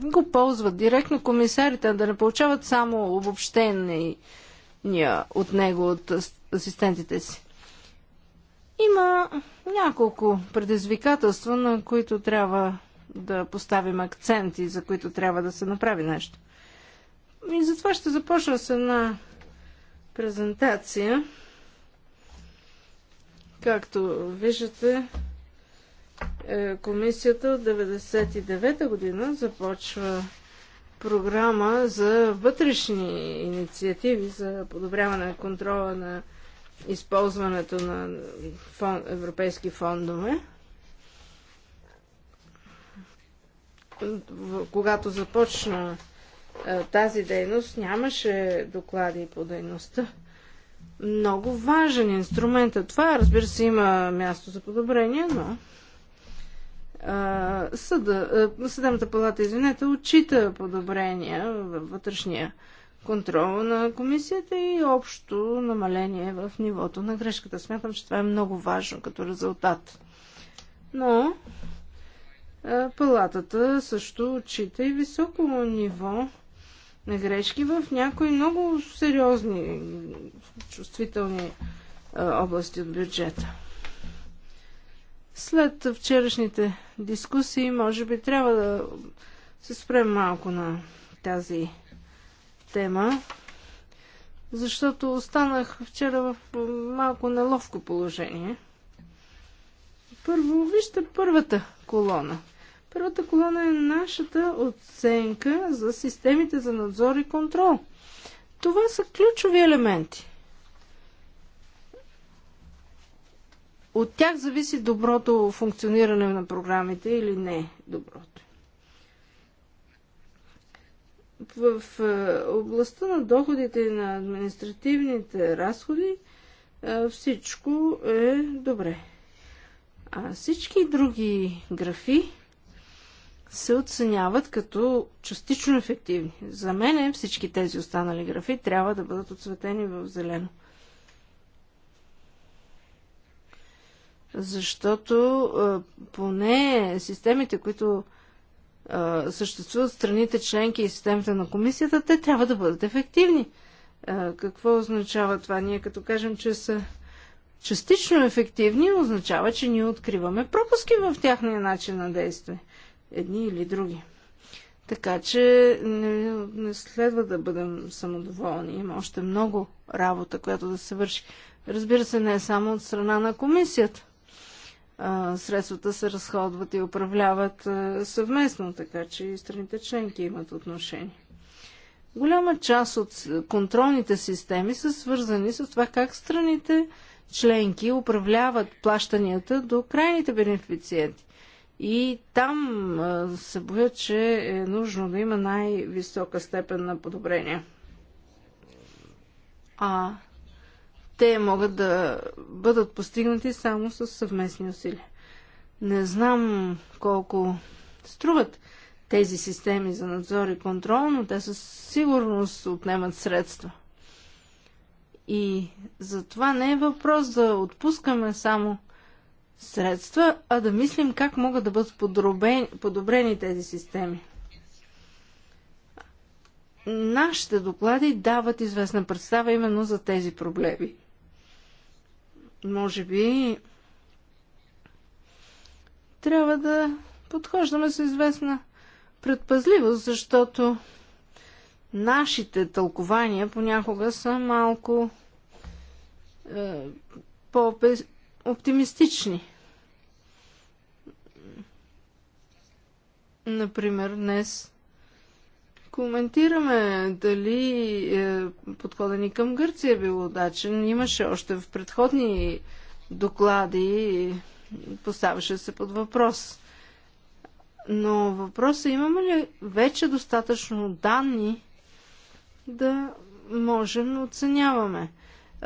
го ползват директно комисарите, да не получават само обобщения от него, от асистентите си. Има няколко предизвикателства, на които трябва да поставим акцент и за които трябва да се направи нещо. И затова ще започна с една презентация. Както виждате, е, комисията от 1999 година започва програма за вътрешни инициативи за подобряване на контрола на използването на фон, европейски фондове. Когато започна е, тази дейност, нямаше доклади по дейността. Много важен инструмент е това. Разбира се, има място за подобрение, но съда, съдебната палата, извинете, отчита подобрения във вътрешния контрол на комисията и общо намаление в нивото на грешката. Смятам, че това е много важно като резултат. Но палатата също отчита и високо ниво на грешки в някои много сериозни, чувствителни области от бюджета. След вчерашните дискусии, може би трябва да се спрем малко на тази тема, защото останах вчера в малко неловко положение. Първо, вижте първата колона. Първата колона е нашата оценка за системите за надзор и контрол. Това са ключови елементи. От тях зависи доброто функциониране на програмите или не доброто. В е, областта на доходите и на административните разходи е, всичко е добре. А всички други графи се оценяват като частично ефективни. За мен всички тези останали графи трябва да бъдат отцветени в зелено. защото поне системите, които съществуват страните членки и системите на комисията, те трябва да бъдат ефективни. Какво означава това? Ние като кажем, че са частично ефективни, означава, че ние откриваме пропуски в тяхния начин на действие. Едни или други. Така че не, не следва да бъдем самодоволни. Има още много работа, която да се върши. Разбира се, не е само от страна на комисията средствата се разходват и управляват съвместно, така че и страните членки имат отношение. Голяма част от контролните системи са свързани с това как страните членки управляват плащанията до крайните бенефициенти. И там се боя, че е нужно да има най-висока степен на подобрение. А те могат да бъдат постигнати само с съвместни усилия. Не знам колко струват тези системи за надзор и контрол, но те със сигурност отнемат средства. И за това не е въпрос да отпускаме само средства, а да мислим как могат да бъдат подробени, подобрени тези системи. Нашите доклади дават известна представа именно за тези проблеми. Може би трябва да подхождаме с известна предпазливост, защото нашите тълкования понякога са малко е, по-оптимистични. Например, днес коментираме дали е, подхода ни към Гърция е бил удачен. Имаше още в предходни доклади, поставяше се под въпрос. Но въпросът е, имаме ли вече достатъчно данни да можем да оценяваме? Е,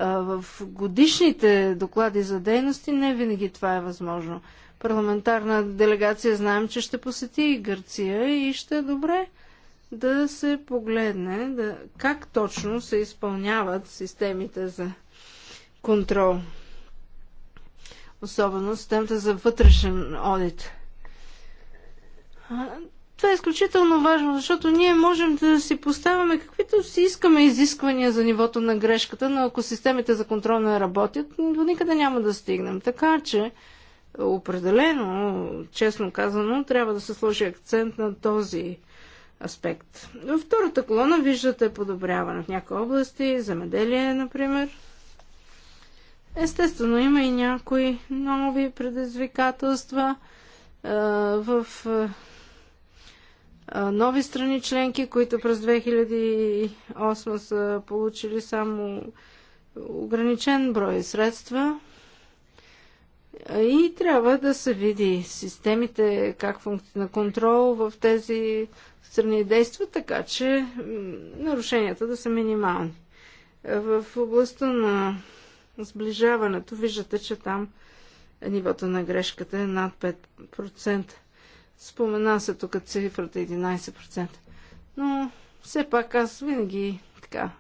в годишните доклади за дейности не винаги това е възможно. Парламентарна делегация знаем, че ще посети Гърция и ще е добре да се погледне да, как точно се изпълняват системите за контрол. Особено системата за вътрешен одит. Това е изключително важно, защото ние можем да си поставяме каквито си искаме изисквания за нивото на грешката, но ако системите за контрол не работят, до никъде няма да стигнем. Така че, определено, честно казано, трябва да се сложи акцент на този аспект. Във втората колона виждате подобряване в някои области, замеделие, например. Естествено, има и някои нови предизвикателства е, в е, нови страни членки, които през 2008 са получили само ограничен брой средства. И трябва да се види системите, как функция на контрол в тези страни действат така, че нарушенията да са минимални. В областта на сближаването виждате, че там нивото на грешката е над 5%. Спомена се тук цифрата 11%. Но все пак аз винаги така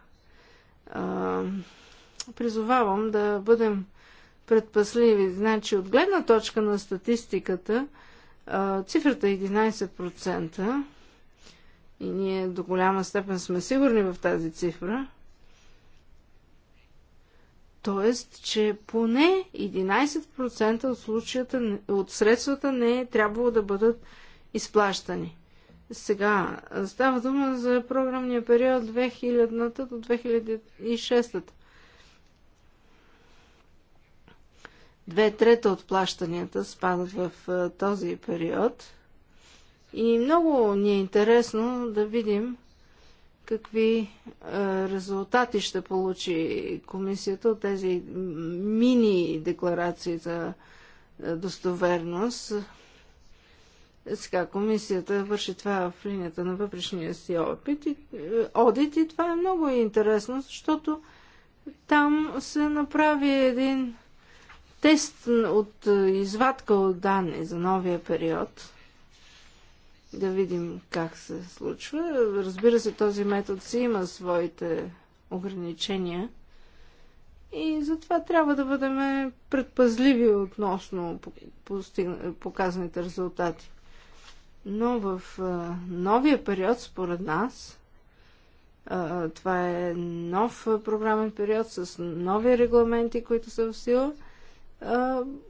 призовавам да бъдем предпасливи. Значи от гледна точка на статистиката цифрата 11% е и ние до голяма степен сме сигурни в тази цифра, Тоест, че поне 11% от, случаята, от средствата не е трябвало да бъдат изплащани. Сега става дума за програмния период 2000-та до 2006-та. Две трета от плащанията спадат в този период – и много ни е интересно да видим какви е, резултати ще получи комисията от тези мини декларации за е, достоверност. Е, сега комисията върши това в линията на вътрешния си опит и, одит и това е много интересно, защото там се направи един тест от извадка от данни за новия период да видим как се случва. Разбира се, този метод си има своите ограничения и затова трябва да бъдем предпазливи относно показаните резултати. Но в новия период, според нас, това е нов програмен период с нови регламенти, които са в сила.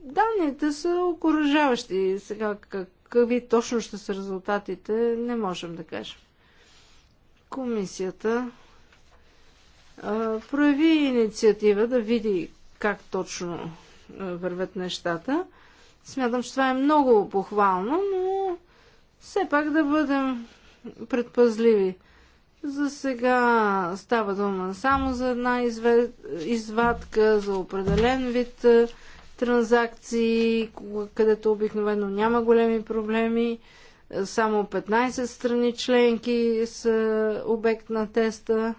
Данните са окоръжаващи. Сега как какви точно ще са резултатите, не можем да кажем. Комисията а, прояви инициатива да види как точно а, вървят нещата. Смятам, че това е много похвално, но все пак да бъдем предпазливи. За сега става дума само за една извадка, за определен вид транзакции, където обикновено няма големи проблеми. Само 15 страни членки са обект на теста.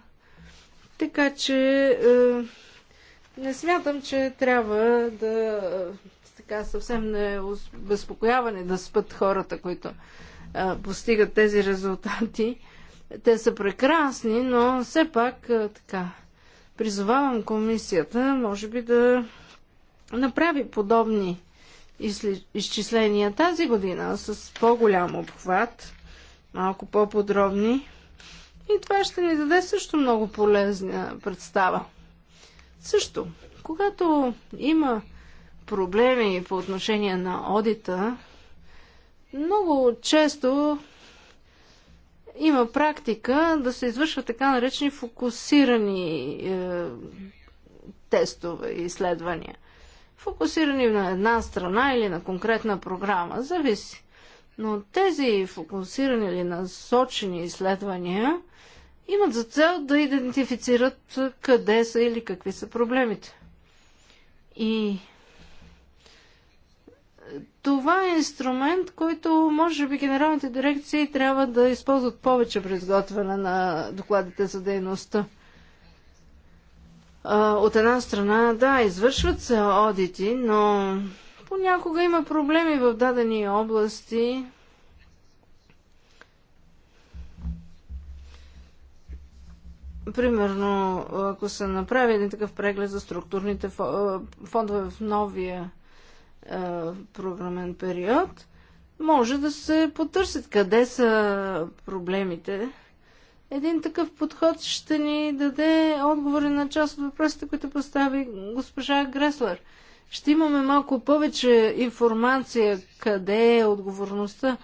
Така че е, не смятам, че трябва да е, така съвсем не безпокояване да спът хората, които е, постигат тези резултати. Те са прекрасни, но все пак е, така. Призовавам комисията, може би да направи подобни изчисления тази година с по-голям обхват, малко по-подробни. И това ще ни даде също много полезна представа. Също, когато има проблеми по отношение на одита, много често има практика да се извършват така наречени фокусирани е, тестове и изследвания – фокусирани на една страна или на конкретна програма, зависи. Но тези фокусирани или насочени изследвания имат за цел да идентифицират къде са или какви са проблемите. И това е инструмент, който може би генералните дирекции трябва да използват повече при изготвяне на докладите за дейността от една страна, да, извършват се одити, но понякога има проблеми в дадени области. Примерно, ако се направи един такъв преглед за структурните фондове в новия програмен период, може да се потърсят къде са проблемите един такъв подход ще ни даде отговори на част от въпросите, които постави госпожа Греслер. Ще имаме малко повече информация къде е отговорността,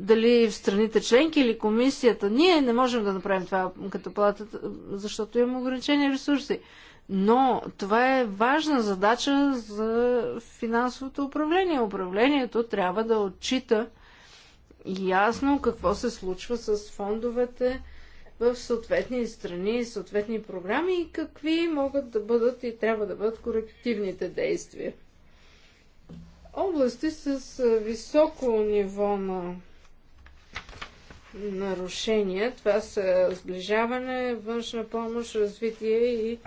дали в страните членки или комисията. Ние не можем да направим това като палата, защото имаме ограничени ресурси. Но това е важна задача за финансовото управление. Управлението трябва да отчита ясно какво се случва с фондовете, в съответни страни и съответни програми и какви могат да бъдат и трябва да бъдат корективните действия. Области с високо ниво на нарушения, това са сближаване, външна помощ, развитие и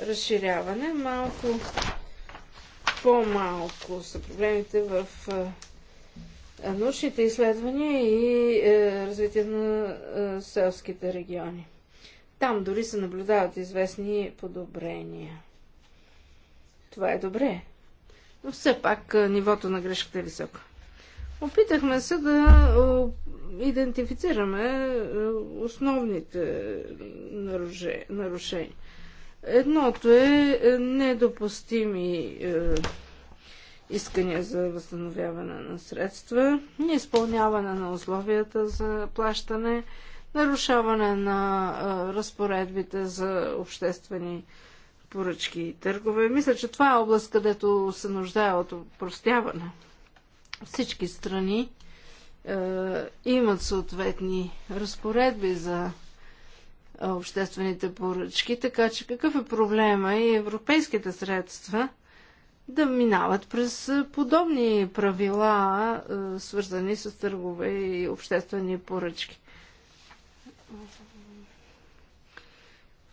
разширяване. Малко по-малко са проблемите в е, научните изследвания и е, развитие на е, селските региони. Там дори се наблюдават известни подобрения. Това е добре. Но все пак нивото на грешката е високо. Опитахме се да идентифицираме основните нарушения. Едното е недопустими искания за възстановяване на средства, неизпълняване на условията за плащане, нарушаване на разпоредбите за обществени поръчки и търгове. Мисля, че това е област, където се нуждае от простяване. Всички страни е, имат съответни разпоредби за обществените поръчки, така че какъв е проблема и европейските средства – да минават през подобни правила, свързани с търгове и обществени поръчки.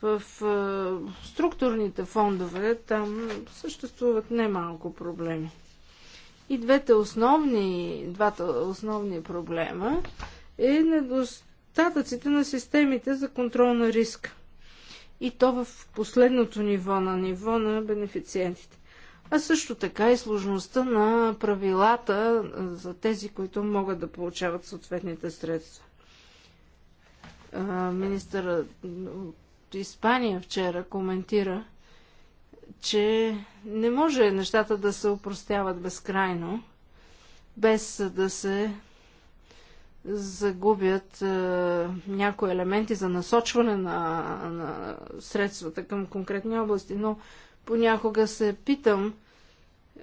В структурните фондове там съществуват немалко проблеми. И двете основни, двата основни проблема е недостатъците на системите за контрол на риска. И то в последното ниво, на ниво на бенефициентите а също така и сложността на правилата за тези, които могат да получават съответните средства. Министър от Испания вчера коментира, че не може нещата да се упростяват безкрайно, без да се загубят е, някои елементи за насочване на, на средствата към конкретни области, но Понякога се питам,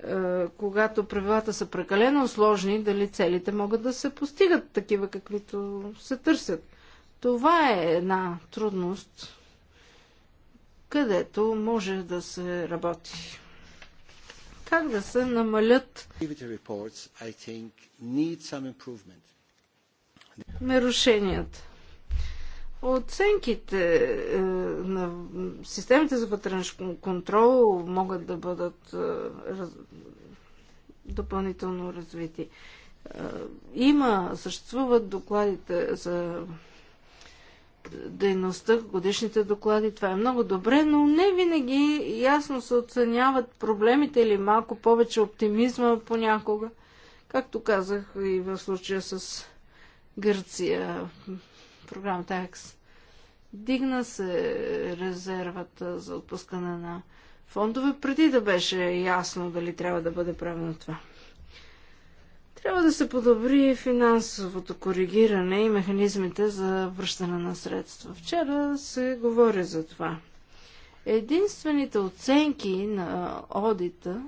е, когато правилата са прекалено сложни, дали целите могат да се постигат такива, каквито се търсят. Това е една трудност, където може да се работи. Как да се намалят нарушенията? Оценките е, на системите за вътрешен контрол могат да бъдат е, раз... допълнително развити. Е, има, съществуват докладите за дейността, годишните доклади. Това е много добре, но не винаги ясно се оценяват проблемите или малко повече оптимизма понякога. Както казах и в случая с Гърция, програмата АКС. Дигна се резервата за отпускане на фондове, преди да беше ясно дали трябва да бъде правено това. Трябва да се подобри финансовото коригиране и механизмите за връщане на средства. Вчера се говори за това. Единствените оценки на одита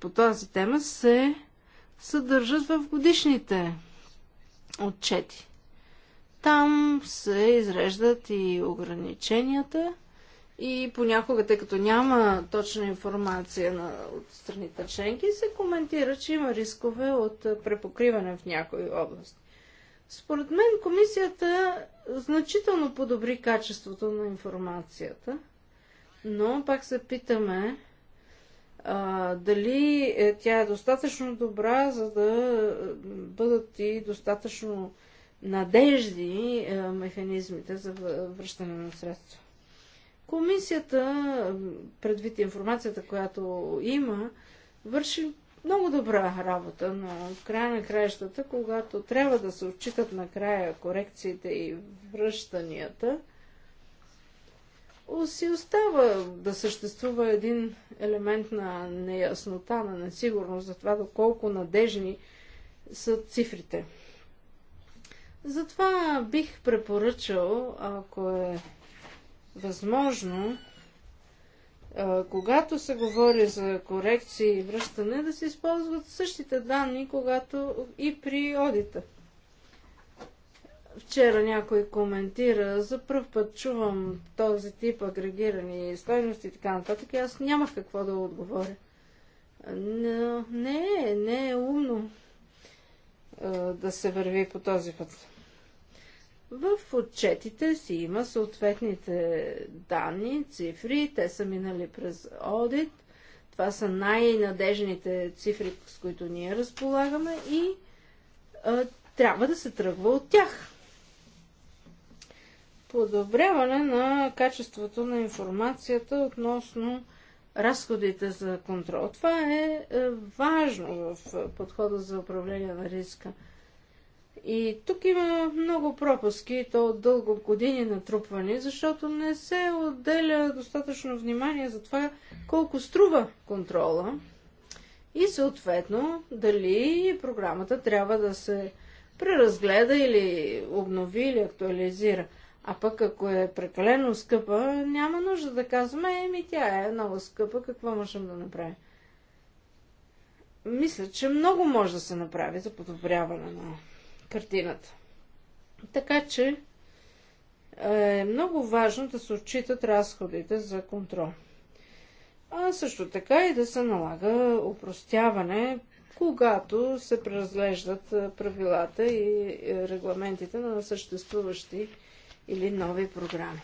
по тази тема се съдържат в годишните отчети. Там се изреждат и ограниченията и понякога, тъй като няма точна информация на, от страните членки, се коментира, че има рискове от препокриване в някои области. Според мен комисията значително подобри качеството на информацията, но пак се питаме а, дали е, тя е достатъчно добра, за да е, бъдат и достатъчно надежди е, механизмите за връщане на средства. Комисията, предвид информацията, която има, върши много добра работа, но в края на краищата, когато трябва да се отчитат накрая корекциите и връщанията, си остава да съществува един елемент на неяснота, на несигурност за това доколко надежни са цифрите. Затова бих препоръчал, ако е възможно, когато се говори за корекции и връщане, да се използват същите данни, когато и при одита. Вчера някой коментира, за първ път чувам този тип агрегирани стойности и така нататък. и Аз нямах какво да отговоря. Но не, е, не е умно да се върви по този път. В отчетите си има съответните данни, цифри, те са минали през одит. Това са най-надежните цифри, с които ние разполагаме и а, трябва да се тръгва от тях подобряване на качеството на информацията относно разходите за контрол. Това е, е важно в е, подхода за управление на риска. И тук има много пропуски, то дълго години натрупвани, защото не се отделя достатъчно внимание за това колко струва контрола и съответно дали програмата трябва да се преразгледа или обнови или актуализира. А пък ако е прекалено скъпа, няма нужда да казваме, еми тя е много скъпа, какво можем да направим? Мисля, че много може да се направи за подобряване на картината. Така че е много важно да се отчитат разходите за контрол. А също така и да се налага упростяване, когато се преразглеждат е, правилата и е, регламентите на съществуващи или нови програми.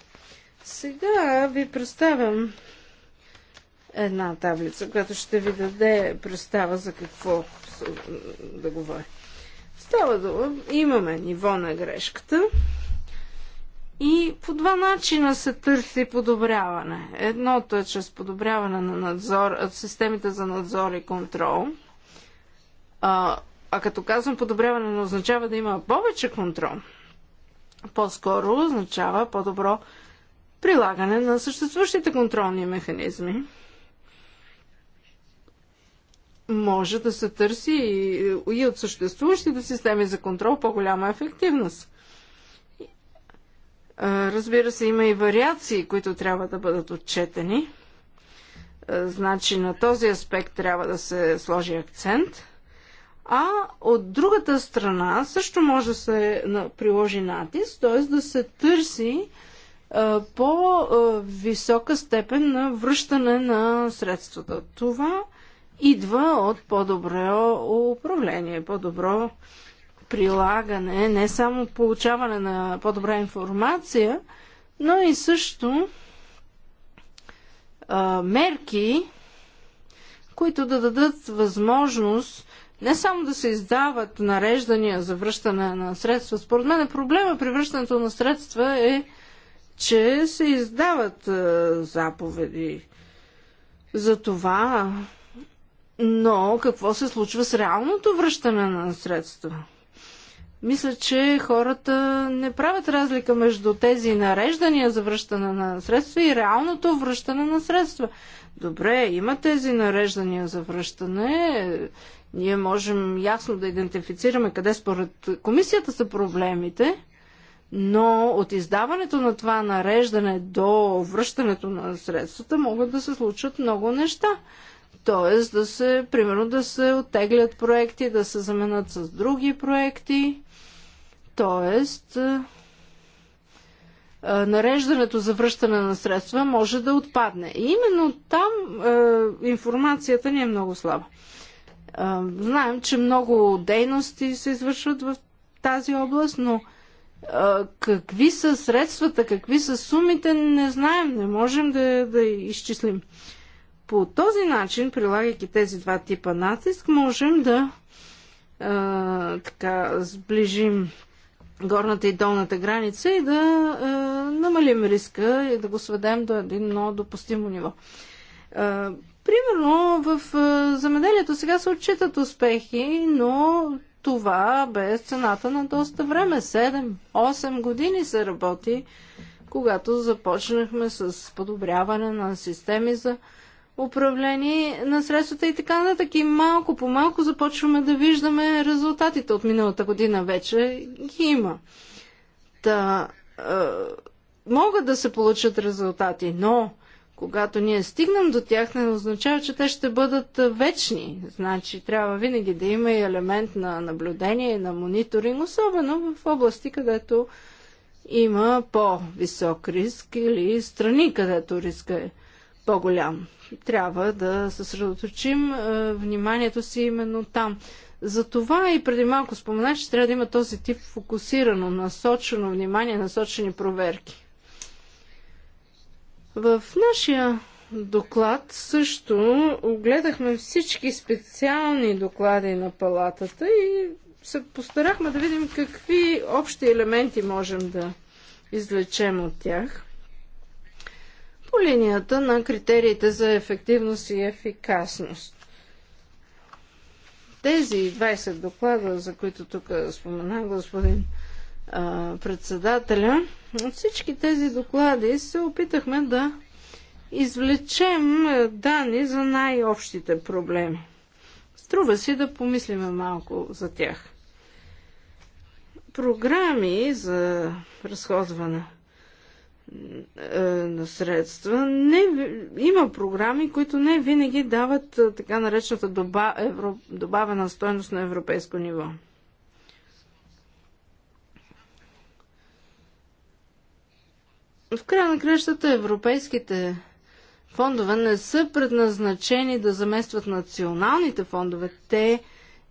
Сега ви представям една таблица, която ще ви даде представа за какво да говоря. Става дума, имаме ниво на грешката и по два начина се търси подобряване. Едното е чрез подобряване на надзор, системите за надзор и контрол. А, а като казвам подобряване, не означава да има повече контрол – по-скоро означава по-добро прилагане на съществуващите контролни механизми. Може да се търси и, от съществуващите системи за контрол по-голяма ефективност. Разбира се, има и вариации, които трябва да бъдат отчетени. Значи на този аспект трябва да се сложи акцент – а от другата страна също може да се приложи натиск, т.е. да се търси по-висока степен на връщане на средствата. Това идва от по-добро управление, по-добро прилагане, не само получаване на по-добра информация, но и също а, мерки, които да дадат възможност не само да се издават нареждания за връщане на средства. Според мен проблема при връщането на средства е, че се издават е, заповеди за това. Но какво се случва с реалното връщане на средства? Мисля, че хората не правят разлика между тези нареждания за връщане на средства и реалното връщане на средства. Добре, има тези нареждания за връщане ние можем ясно да идентифицираме къде според комисията са проблемите, но от издаването на това нареждане до връщането на средствата могат да се случат много неща. Тоест да се, примерно, да се оттеглят проекти, да се заменят с други проекти. Тоест, е, е, нареждането за връщане на средства може да отпадне. И именно там е, информацията ни е много слаба. Знаем, че много дейности се извършват в тази област, но какви са средствата, какви са сумите, не знаем, не можем да, да изчислим. По този начин, прилагайки тези два типа натиск, можем да а, така, сближим горната и долната граница и да а, намалим риска и да го сведем до едно допустимо ниво. А, Примерно в е, замеделието сега се отчитат успехи, но това без цената на доста време. 7-8 години се работи, когато започнахме с подобряване на системи за управление на средствата и така нататък. И малко по малко започваме да виждаме резултатите от миналата година вече ги има. Та, е, могат да се получат резултати, но когато ние стигнем до тях, не означава, че те ще бъдат вечни. Значи трябва винаги да има и елемент на наблюдение и на мониторинг, особено в области, където има по-висок риск или страни, където риска е по-голям. Трябва да съсредоточим е, вниманието си именно там. Затова и преди малко споменах, че трябва да има този тип фокусирано, насочено внимание, насочени проверки. В нашия доклад също огледахме всички специални доклади на палатата и се постарахме да видим какви общи елементи можем да извлечем от тях по линията на критериите за ефективност и ефикасност. Тези 20 доклада, за които тук споменах господин председателя. От всички тези доклади се опитахме да извлечем е, данни за най-общите проблеми. Струва си да помислим малко за тях. Програми за разходване е, на средства. Не, има програми, които не винаги дават е, така наречената добавена стойност на европейско ниво. В края на кръщата европейските фондове не са предназначени да заместват националните фондове. Те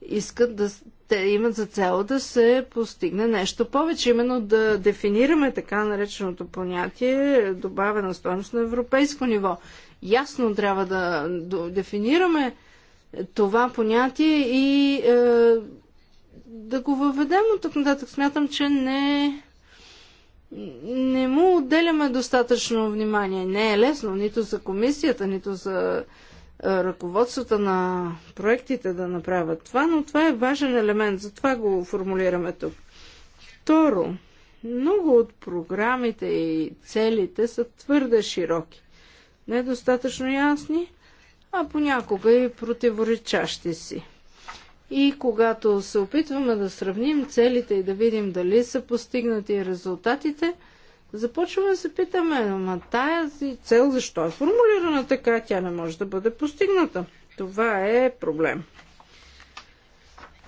искат да те имат за цел да се постигне нещо повече, именно да дефинираме така нареченото понятие добавена стоеност на европейско ниво. Ясно трябва да дефинираме това понятие и е, да го въведем от тук нататък. Смятам, че не е не му отделяме достатъчно внимание. Не е лесно нито за комисията, нито за е, ръководствата на проектите да направят това, но това е важен елемент, затова го формулираме тук. Второ, много от програмите и целите са твърде широки, недостатъчно ясни, а понякога и противоречащи си. И когато се опитваме да сравним целите и да видим дали са постигнати резултатите, започваме да се питаме, ама тази цел защо е формулирана така, тя не може да бъде постигната. Това е проблем.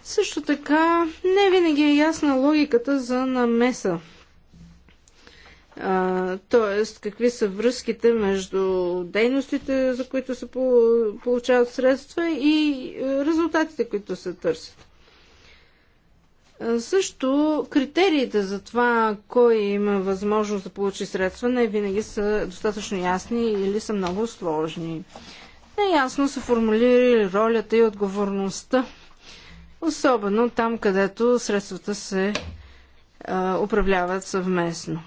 Също така, не винаги е ясна логиката за намеса Тоест, какви са връзките между дейностите, за които се получават средства и е, резултатите, които се търсят. Също критериите за това кой има възможност да получи средства не винаги са достатъчно ясни или са много сложни. Неясно са формулирали ролята и отговорността, особено там, където средствата се управляват съвместно.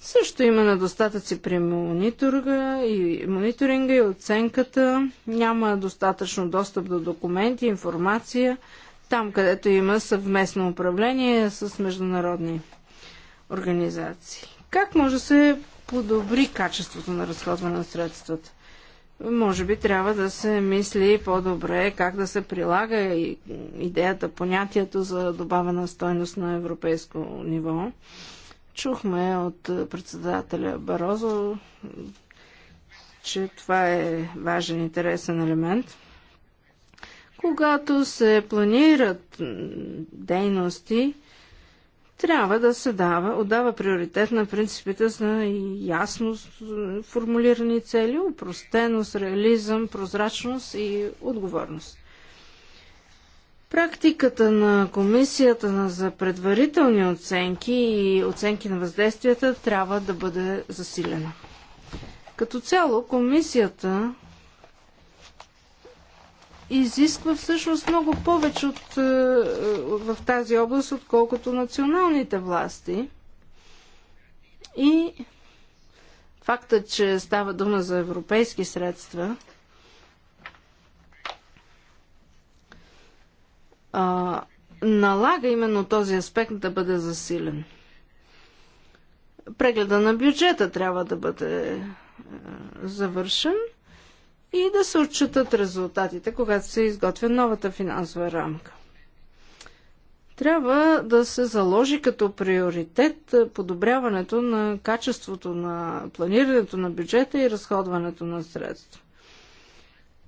Също има недостатъци при мониторинга и, мониторинга и оценката. Няма достатъчно достъп до документи, информация, там където има съвместно управление с международни организации. Как може да се подобри качеството на разходване на средствата? Може би трябва да се мисли по-добре как да се прилага и идеята, понятието за добавена стойност на европейско ниво Чухме от председателя Барозо, че това е важен интересен елемент. Когато се планират дейности, трябва да се дава, отдава приоритет на принципите за ясно формулирани цели, упростеност, реализъм, прозрачност и отговорност. Практиката на комисията за предварителни оценки и оценки на въздействията трябва да бъде засилена. Като цяло, комисията изисква всъщност много повече от, е, в тази област, отколкото националните власти. И факта, че става дума за европейски средства – а, налага именно този аспект да бъде засилен. Прегледа на бюджета трябва да бъде а, е, завършен и да се отчитат резултатите, когато се изготвя новата финансова рамка. Трябва да се заложи като приоритет е, подобряването на качеството на планирането на бюджета и разходването на средства.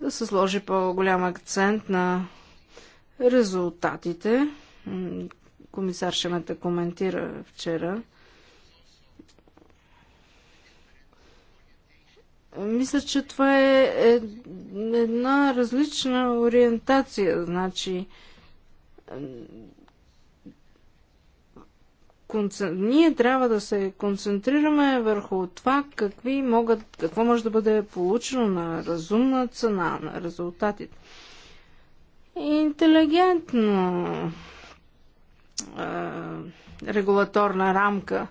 Да се сложи по-голям акцент на резултатите. Комисар Шемета коментира вчера. Мисля, че това е една различна ориентация. Значи, ние трябва да се концентрираме върху това какви могат, какво може да бъде получено на разумна цена, на резултатите интелигентно регулаторна рамка.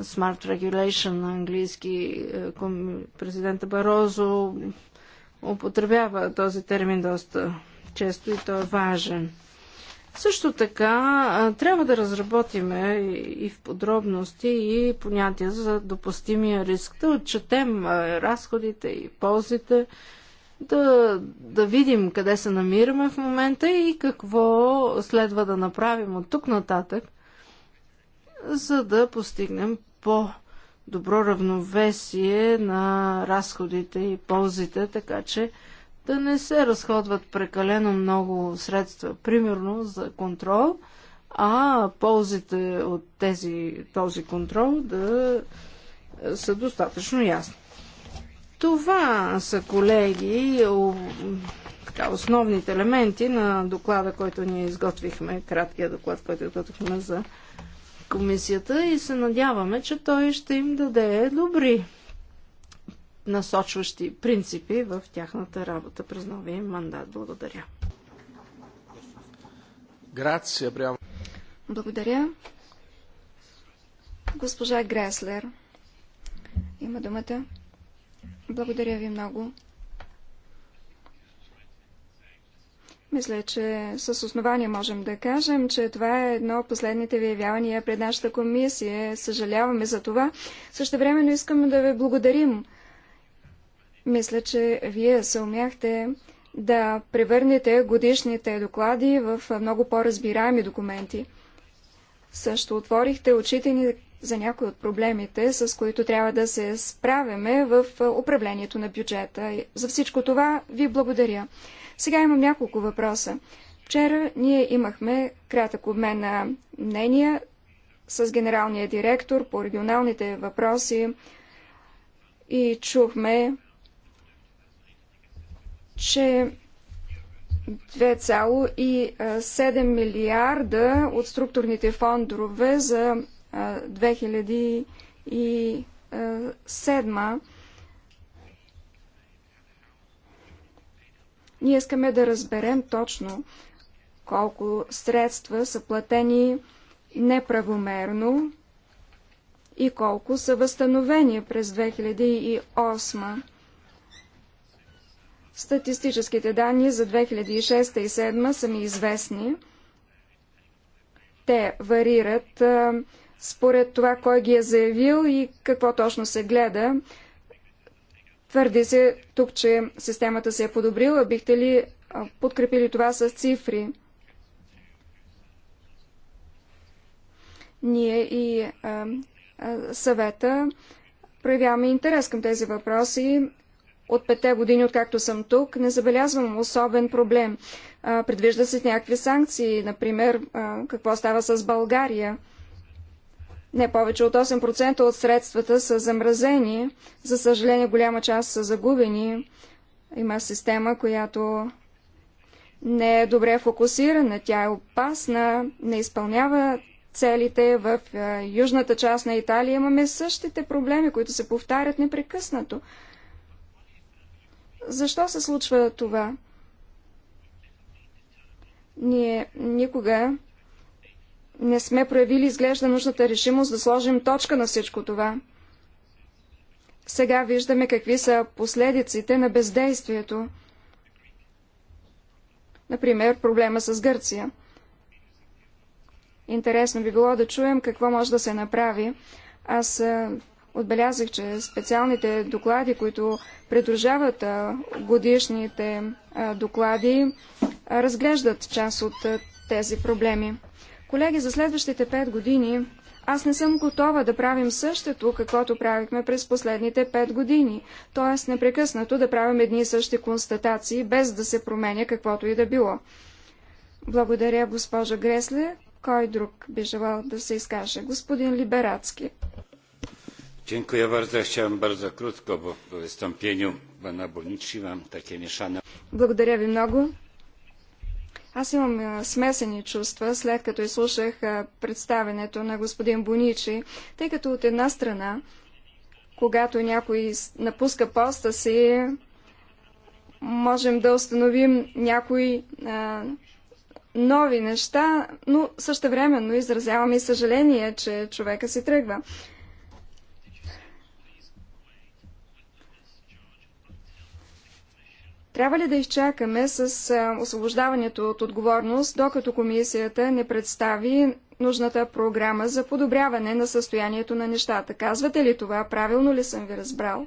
Smart Regulation на английски президента Барозо употребява този термин доста често и той е важен. Също така трябва да разработиме и в подробности и понятия за допустимия риск, да отчетем разходите и ползите, да, да видим къде се намираме в момента и какво следва да направим от тук нататък, за да постигнем по-добро равновесие на разходите и ползите, така че да не се разходват прекалено много средства, примерно за контрол, а ползите от тези, този контрол да са достатъчно ясни. Това са, колеги, така, основните елементи на доклада, който ние изготвихме, краткия доклад, който изготвихме за комисията и се надяваме, че той ще им даде добри насочващи принципи в тяхната работа през новия мандат. Благодаря. Благодаря. Госпожа Греслер има думата. Благодаря ви много. Мисля, че с основание можем да кажем, че това е едно от последните ви явявания пред нашата комисия. Съжаляваме за това. Също времено искам да ви благодарим. Мисля, че вие се умяхте да превърнете годишните доклади в много по-разбираеми документи. Също отворихте очите ни за някои от проблемите, с които трябва да се справяме в управлението на бюджета. За всичко това ви благодаря. Сега имам няколко въпроса. Вчера ние имахме кратък обмен на мнения с генералния директор по регионалните въпроси и чухме, че 2,7 милиарда от структурните фондове за 2007 Ние искаме да разберем точно колко средства са платени неправомерно и колко са възстановени през 2008. Статистическите данни за 2006 и 2007 са ми известни. Те варират според това кой ги е заявил и какво точно се гледа. Твърди се тук, че системата се е подобрила. Бихте ли подкрепили това с цифри? Ние и а, а, съвета проявяваме интерес към тези въпроси. От пете години, откакто съм тук, не забелязвам особен проблем. А, предвижда се някакви санкции, например, а, какво става с България – не повече от 8% от средствата са замразени. За съжаление, голяма част са загубени. Има система, която не е добре фокусирана, тя е опасна, не изпълнява целите. В е, южната част на Италия имаме същите проблеми, които се повтарят непрекъснато. Защо се случва това? Ние никога не сме проявили изглежда нужната решимост да сложим точка на всичко това. Сега виждаме какви са последиците на бездействието. Например, проблема с Гърция. Интересно би било да чуем какво може да се направи. Аз отбелязах, че специалните доклади, които придружават годишните доклади, разглеждат част от тези проблеми. Колеги, за следващите пет години аз не съм готова да правим същото, каквото правихме през последните пет години, т.е. непрекъснато да правим едни и същи констатации, без да се променя каквото и да било. Благодаря, госпожа Гресле. Кой друг би желал да се изкаже? Господин Либерацки. Dziękuję bardzo. Chciałem bardzo krótko, bo po wystąpieniu pana burmistrza mam takie mieszane. Благодаря ви много. Аз имам смесени чувства, след като изслушах представенето на господин Боничи, тъй като от една страна, когато някой напуска поста си, можем да установим някои а, нови неща, но същевременно изразяваме и съжаление, че човека си тръгва. Трябва ли да изчакаме с освобождаването от отговорност, докато комисията не представи нужната програма за подобряване на състоянието на нещата? Казвате ли това? Правилно ли съм ви разбрал?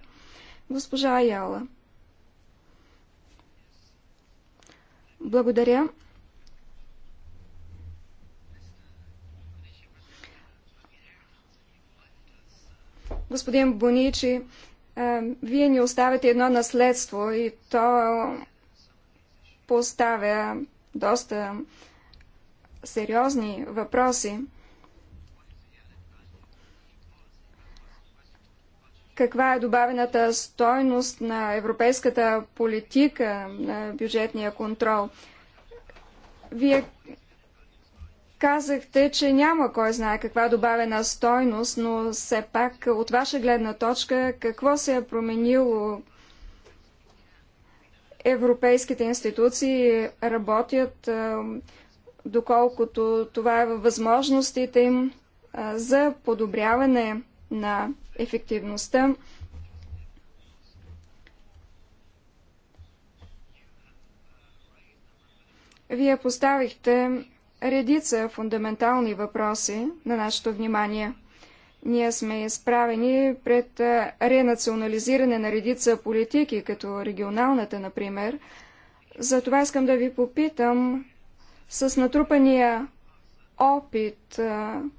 Госпожа Аяла. Благодаря. Господин Боничи, вие ни оставяте едно наследство и то поставя доста сериозни въпроси. Каква е добавената стойност на европейската политика на бюджетния контрол? Вие Казахте, че няма кой знае каква добавена стойност, но все пак от ваша гледна точка какво се е променило? Европейските институции работят, доколкото това е във възможностите им за подобряване на ефективността. Вие поставихте редица фундаментални въпроси на нашето внимание. Ние сме изправени пред ренационализиране на редица политики, като регионалната, например. Затова искам да ви попитам с натрупания опит,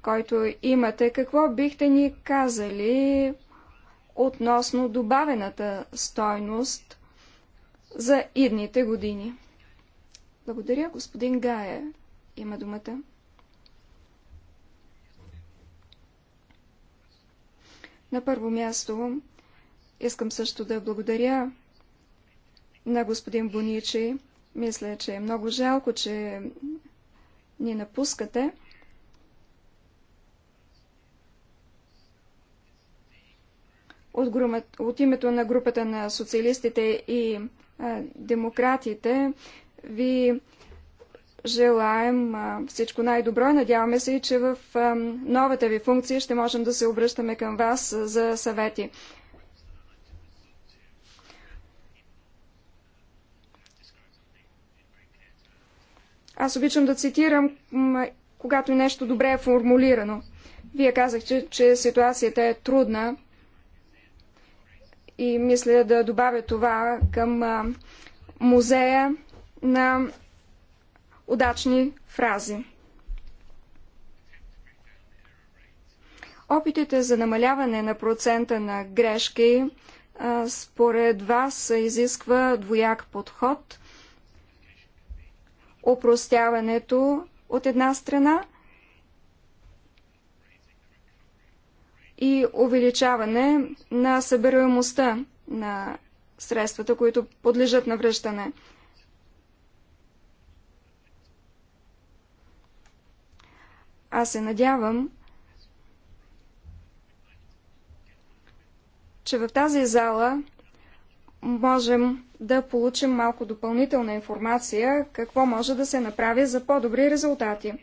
който имате, какво бихте ни казали относно добавената стойност за идните години? Благодаря, господин Гае има думата. На първо място искам също да благодаря на господин Боничи. Мисля, че е много жалко, че ни напускате. От, грума, от името на групата на социалистите и а, демократите ви Желаем всичко най-добро и надяваме се, че в новата ви функция ще можем да се обръщаме към вас за съвети. Аз обичам да цитирам, когато нещо добре е формулирано. Вие казахте, че ситуацията е трудна и мисля да добавя това към музея на удачни фрази. Опитите за намаляване на процента на грешки според вас изисква двояк подход. Опростяването от една страна и увеличаване на събираемостта на средствата, които подлежат на връщане. Аз се надявам, че в тази зала можем да получим малко допълнителна информация, какво може да се направи за по-добри резултати.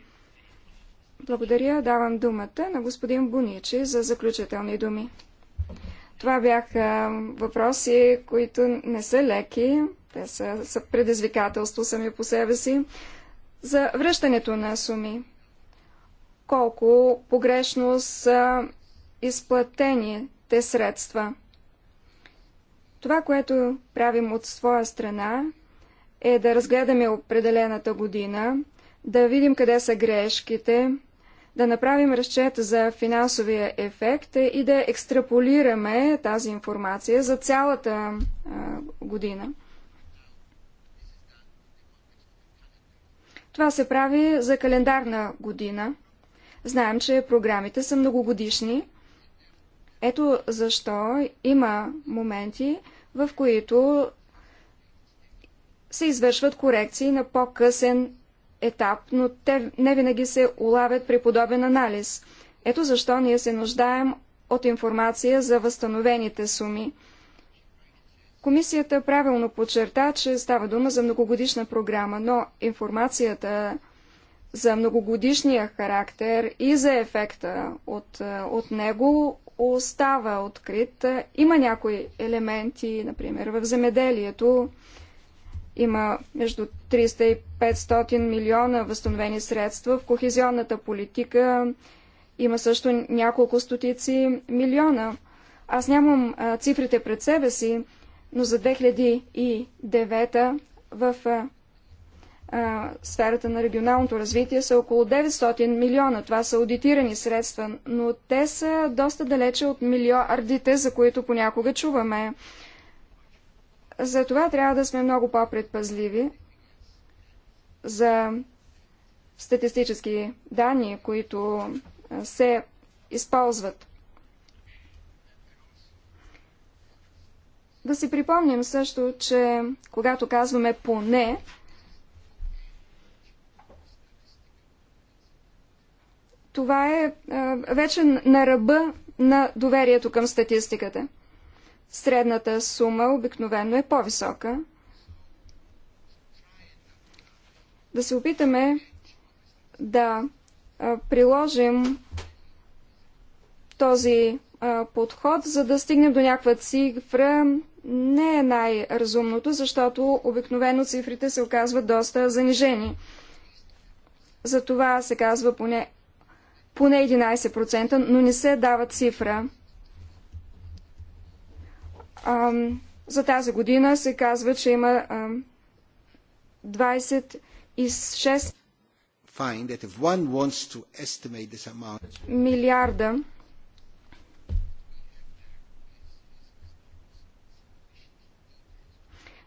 Благодаря, давам думата на господин Буничи за заключителни думи. Това бяха въпроси, които не са леки, те са, са предизвикателство сами по себе си, за връщането на суми колко погрешно са изплатени те средства. Това, което правим от своя страна, е да разгледаме определената година, да видим къде са грешките, да направим разчет за финансовия ефект и да екстраполираме тази информация за цялата а, година. Това се прави за календарна година – Знаем, че програмите са многогодишни. Ето защо има моменти, в които се извършват корекции на по-късен етап, но те не винаги се улавят при подобен анализ. Ето защо ние се нуждаем от информация за възстановените суми. Комисията правилно подчерта, че става дума за многогодишна програма, но информацията за многогодишния характер и за ефекта от, е, от него остава открит. Има някои елементи, например в земеделието има между 300 и 500 милиона възстановени средства. В кохезионната политика има също няколко стотици милиона. Аз нямам а, е, цифрите пред себе си, но за 2009 в а, е, сферата на регионалното развитие са около 900 милиона. Това са аудитирани средства, но те са доста далече от милиардите, за които понякога чуваме. Затова трябва да сме много по-предпазливи за статистически данни, които се използват. Да си припомним също, че когато казваме поне, това е, е вече на ръба на доверието към статистиката. Средната сума обикновено е по-висока. Да се опитаме да е, приложим този е, подход, за да стигнем до някаква цифра, не е най-разумното, защото обикновено цифрите се оказват доста занижени. За това се казва поне поне 11%, но не се дава цифра. за тази година се казва, че има а, 26 милиарда.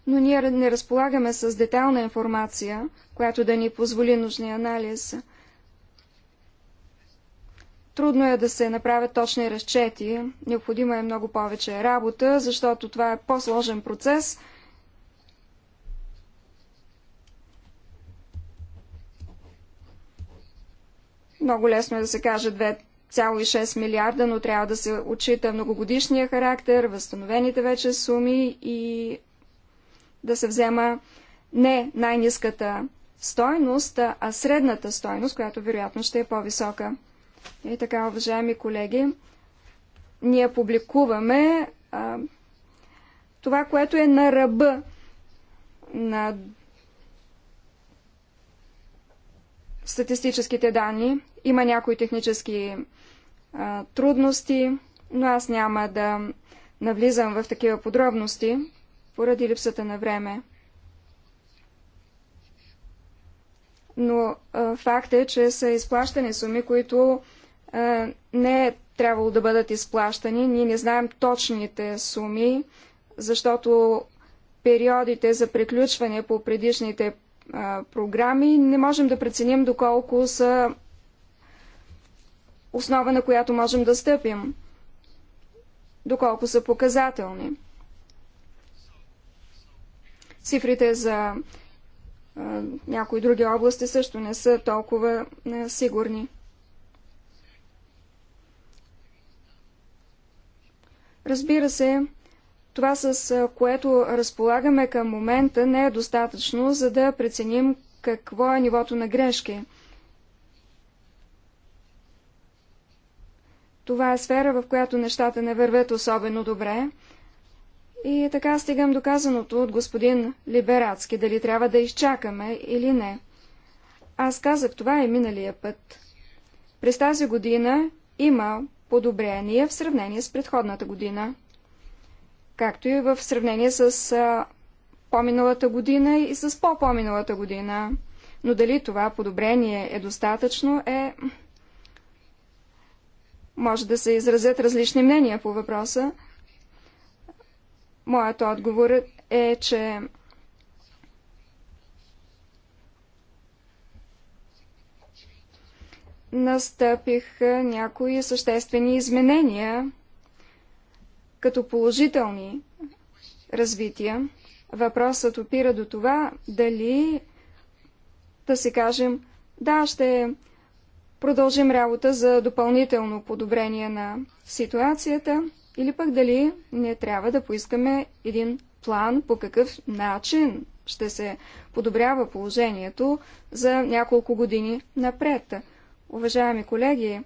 но ние не разполагаме с детална информация, която да ни позволи нужния анализ. Трудно е да се направят точни разчети, необходима е много повече работа, защото това е по-сложен процес. Много лесно е да се каже 2,6 милиарда, но трябва да се отчита многогодишния характер, възстановените вече суми и да се взема не най-низката стойност, а средната стойност, която вероятно ще е по-висока. И така, уважаеми колеги, ние публикуваме а, това, което е на ръба на статистическите данни. Има някои технически а, трудности, но аз няма да навлизам в такива подробности поради липсата на време. Но а, факт е, че са изплащани суми, които не е трябвало да бъдат изплащани. Ние не знаем точните суми, защото периодите за приключване по предишните програми не можем да преценим доколко са основа, на която можем да стъпим, доколко са показателни. Цифрите за а, някои други области също не са толкова а, сигурни. Разбира се, това с което разполагаме към момента не е достатъчно, за да преценим какво е нивото на грешки. Това е сфера, в която нещата не вървят особено добре. И така стигам до казаното от господин Либерацки, дали трябва да изчакаме или не. Аз казах това и е миналия път. През тази година има подобрение в сравнение с предходната година, както и в сравнение с по-миналата година и с по-по-миналата година. Но дали това подобрение е достатъчно е... Може да се изразят различни мнения по въпроса. Моят отговор е, че настъпиха някои съществени изменения като положителни развития. Въпросът опира до това дали да си кажем да, ще продължим работа за допълнително подобрение на ситуацията или пък дали не трябва да поискаме един план по какъв начин ще се подобрява положението за няколко години напред. Уважаеми колеги,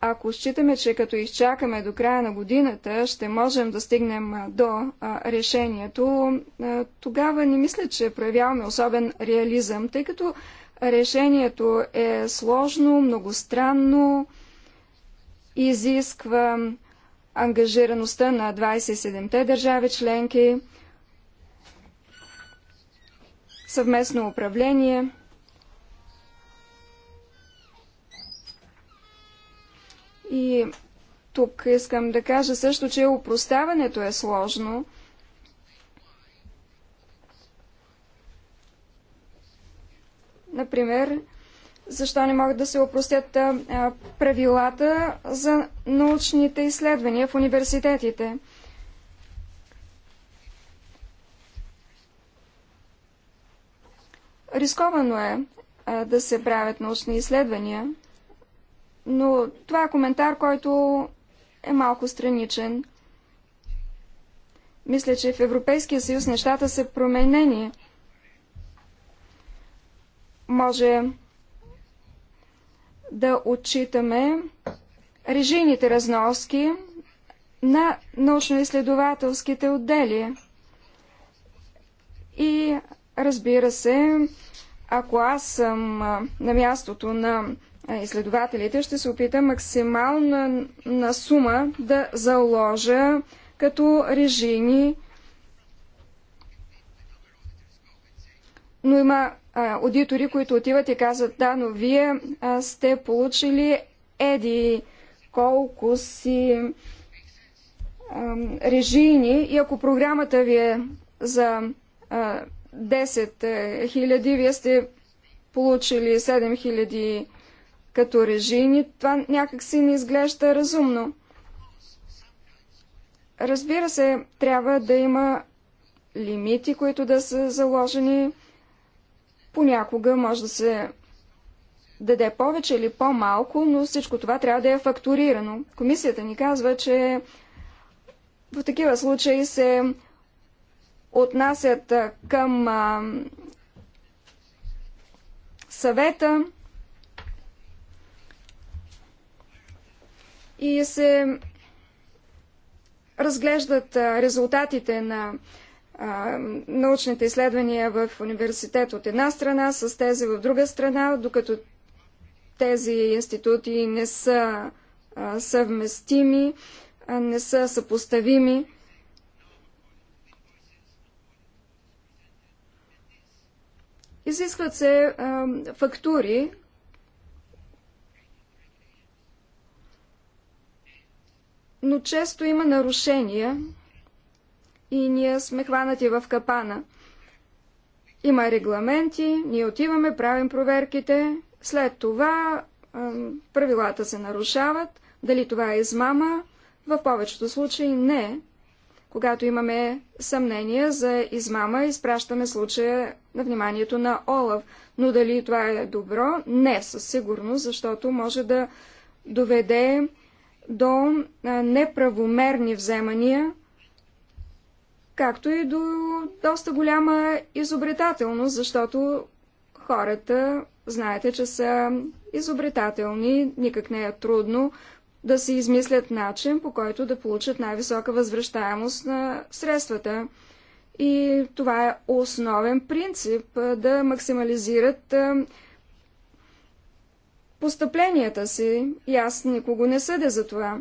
ако считаме, че като изчакаме до края на годината ще можем да стигнем до решението, тогава не мисля, че проявяваме особен реализъм, тъй като решението е сложно, многостранно, изисква ангажираността на 27-те държави членки, съвместно управление – И тук искам да кажа също, че упростяването е сложно. Например, защо не могат да се опростят правилата за научните изследвания в университетите? Рисковано е а, да се правят научни изследвания. Но това е коментар, който е малко страничен. Мисля, че в Европейския съюз нещата са променени. Може да отчитаме режимните разноски на научно-изследователските отдели. И разбира се, ако аз съм на мястото на изследователите, ще се опита максимална на сума да заложа като режими. Но има а, аудитори, които отиват и казват, да, но вие а, сте получили еди колко си а, режини и ако програмата ви е за а, 10 000, е, вие сте получили 7 000 като режими, това някакси не изглежда разумно. Разбира се, трябва да има лимити, които да са заложени. Понякога може да се даде повече или по-малко, но всичко това трябва да е фактурирано. Комисията ни казва, че в такива случаи се отнасят към а, съвета и се разглеждат резултатите на научните изследвания в университет от една страна с тези в друга страна, докато тези институти не са съвместими, не са съпоставими. Изискват се фактури но често има нарушения и ние сме хванати в капана. Има регламенти, ние отиваме, правим проверките, след това правилата се нарушават. Дали това е измама? В повечето случаи не. Когато имаме съмнение за измама, изпращаме случая на вниманието на Олаф. Но дали това е добро? Не, със сигурност, защото може да доведе до неправомерни вземания, както и до доста голяма изобретателност, защото хората, знаете, че са изобретателни, никак не е трудно да се измислят начин, по който да получат най-висока възвръщаемост на средствата. И това е основен принцип да максимализират постъпленията си и аз никого не съдя за това.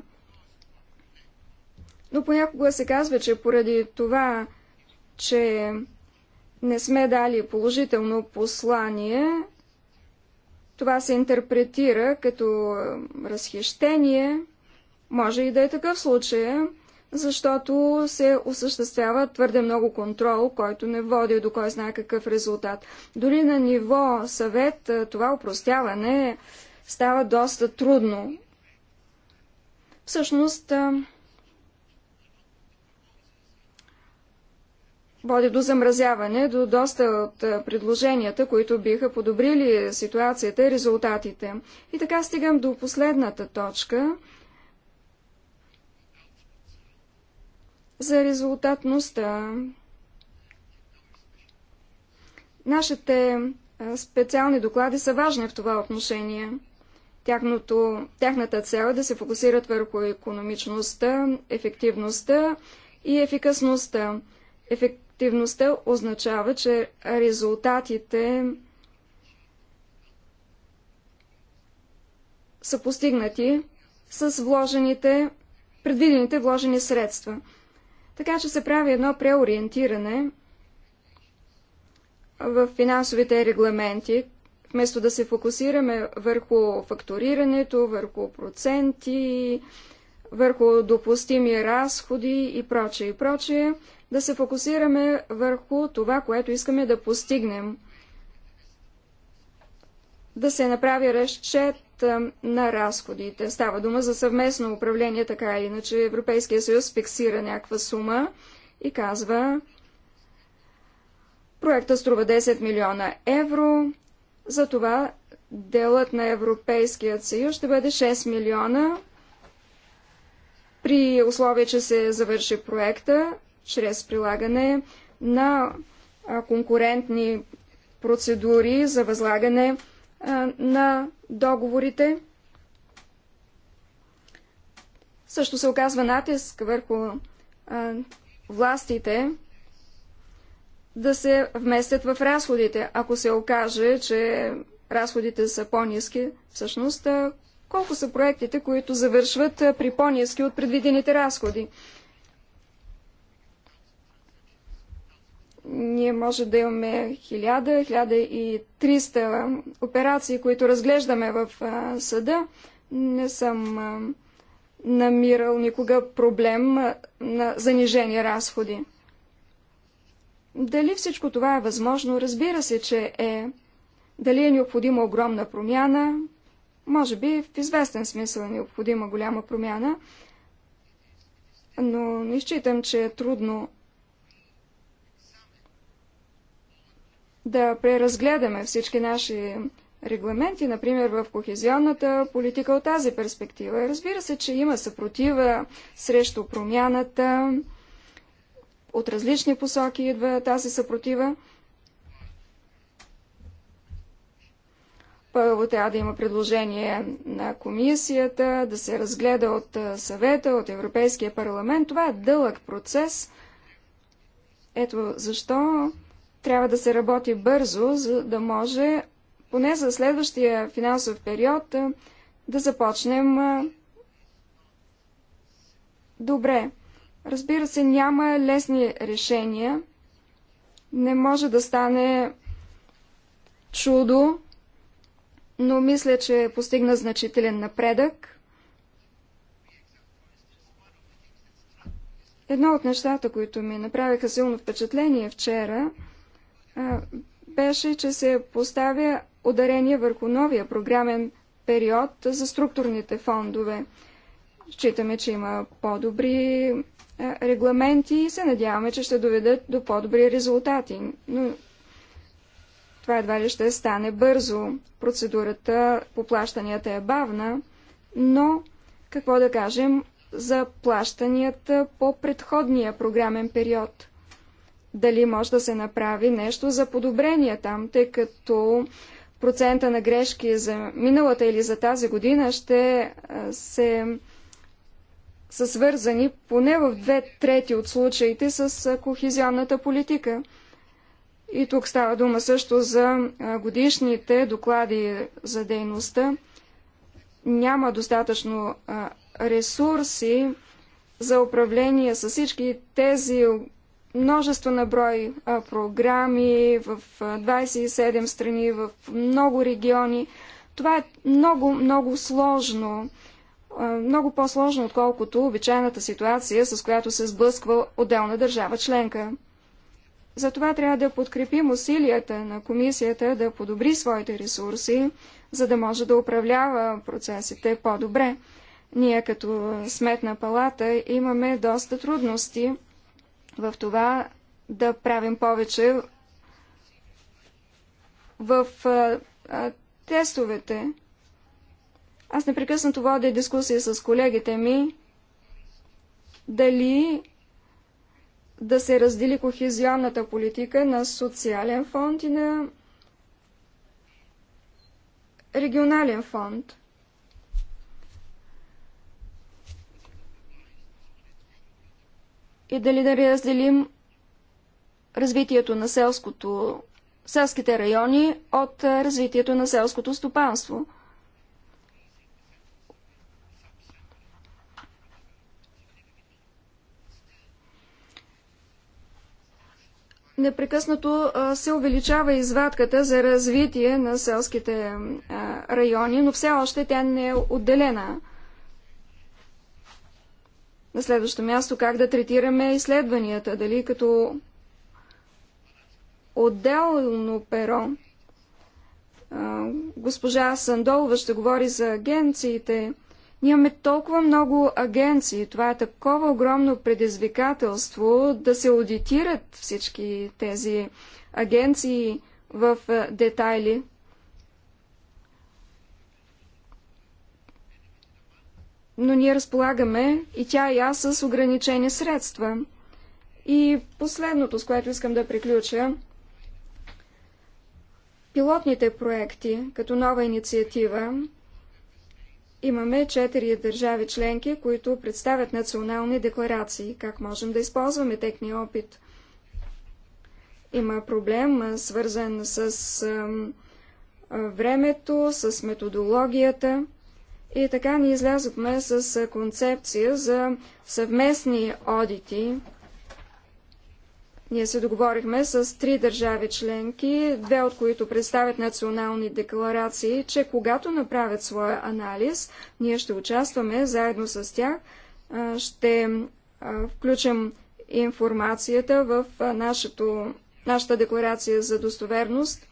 Но понякога се казва, че поради това, че не сме дали положително послание, това се интерпретира като разхищение. Може и да е такъв случай, защото се осъществява твърде много контрол, който не води до кой знае какъв резултат. Дори на ниво съвет това упростяване е става доста трудно. Всъщност, води до замразяване, до доста от предложенията, които биха подобрили ситуацията и резултатите. И така стигам до последната точка за резултатността. Нашите специални доклади са важни в това отношение. Тяхното, тяхната цел е да се фокусират върху економичността, ефективността и ефикасността. Ефективността означава, че резултатите са постигнати с вложените, предвидените вложени средства. Така че се прави едно преориентиране в финансовите регламенти, Вместо да се фокусираме върху факторирането, върху проценти, върху допустими разходи и прочее, и прочее, да се фокусираме върху това, което искаме да постигнем. Да се направи разчет на разходите. Става дума за съвместно управление, така или иначе Европейския съюз фиксира някаква сума и казва проекта струва 10 милиона евро, затова делът на Европейският съюз ще бъде 6 милиона при условие, че се завърши проекта чрез прилагане на конкурентни процедури за възлагане на договорите. Също се оказва натиск върху властите да се вместят в разходите. Ако се окаже, че разходите са по-низки, всъщност колко са проектите, които завършват при по-низки от предвидените разходи? Ние може да имаме 1000-1300 операции, които разглеждаме в съда. Не съм намирал никога проблем на занижени разходи. Дали всичко това е възможно? Разбира се, че е. Дали е необходима огромна промяна? Може би в известен смисъл е необходима голяма промяна, но не считам, че е трудно да преразгледаме всички наши регламенти, например в кохезионната политика от тази перспектива. Разбира се, че има съпротива срещу промяната, от различни посоки идва тази съпротива. Първо трябва да има предложение на комисията, да се разгледа от съвета, от Европейския парламент. Това е дълъг процес. Ето защо трябва да се работи бързо, за да може поне за следващия финансов период да започнем добре. Разбира се, няма лесни решения. Не може да стане чудо, но мисля, че постигна значителен напредък. Едно от нещата, които ми направиха силно впечатление вчера, беше, че се поставя ударение върху новия програмен период за структурните фондове. Считаме, че има по-добри регламенти и се надяваме, че ще доведат до по-добри резултати. Но това едва ли ще стане бързо. Процедурата по плащанията е бавна, но какво да кажем за плащанията по предходния програмен период? Дали може да се направи нещо за подобрение там, тъй като процента на грешки за миналата или за тази година ще се са свързани поне в две трети от случаите с кохезионната политика. И тук става дума също за годишните доклади за дейността. Няма достатъчно ресурси за управление с всички тези множество на брой програми в 27 страни, в много региони. Това е много, много сложно много по-сложна, отколкото обичайната ситуация, с която се сблъсква отделна държава членка. Затова трябва да подкрепим усилията на комисията да подобри своите ресурси, за да може да управлява процесите по-добре. Ние като сметна палата имаме доста трудности в това да правим повече в тестовете, аз непрекъснато водя дискусии с колегите ми дали да се раздели кохезионната политика на социален фонд и на регионален фонд. И дали да разделим развитието на селското, селските райони от развитието на селското стопанство – непрекъснато се увеличава извадката за развитие на селските райони, но все още тя не е отделена. На следващо място, как да третираме изследванията, дали като отделно перо. Госпожа Сандолова ще говори за агенциите. Ние имаме толкова много агенции, това е такова огромно предизвикателство да се аудитират всички тези агенции в детайли. Но ние разполагаме и тя и аз с ограничени средства. И последното, с което искам да приключа, пилотните проекти като нова инициатива Имаме четири държави членки, които представят национални декларации. Как можем да използваме техния опит? Има проблем, свързан с времето, с методологията. И така ни излязохме с концепция за съвместни одити, ние се договорихме с три държави членки, две от които представят национални декларации, че когато направят своя анализ, ние ще участваме заедно с тях, ще включим информацията в нашето, нашата декларация за достоверност.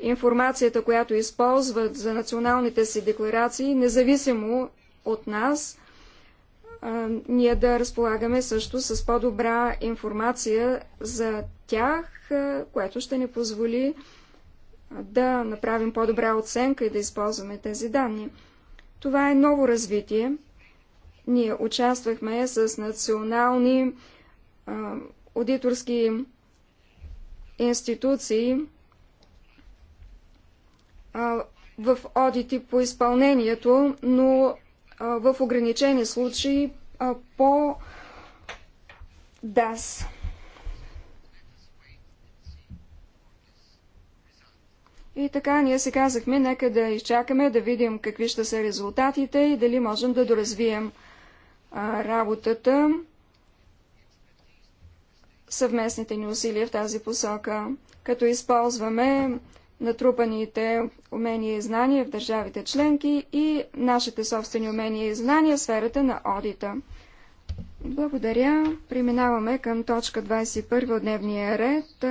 Информацията, която използват за националните си декларации, независимо от нас – ние да разполагаме също с по-добра информация за тях, което ще ни позволи да направим по-добра оценка и да използваме тези данни. Това е ново развитие. Ние участвахме с национални аудиторски институции в одити по изпълнението, но в ограничени случаи по ДАС. И така ние се казахме, нека да изчакаме, да видим какви ще са резултатите и дали можем да доразвием работата, съвместните ни усилия в тази посока, като използваме натрупаните умения и знания в държавите членки и нашите собствени умения и знания в сферата на одита. Благодаря. Преминаваме към точка 21 от дневния ред.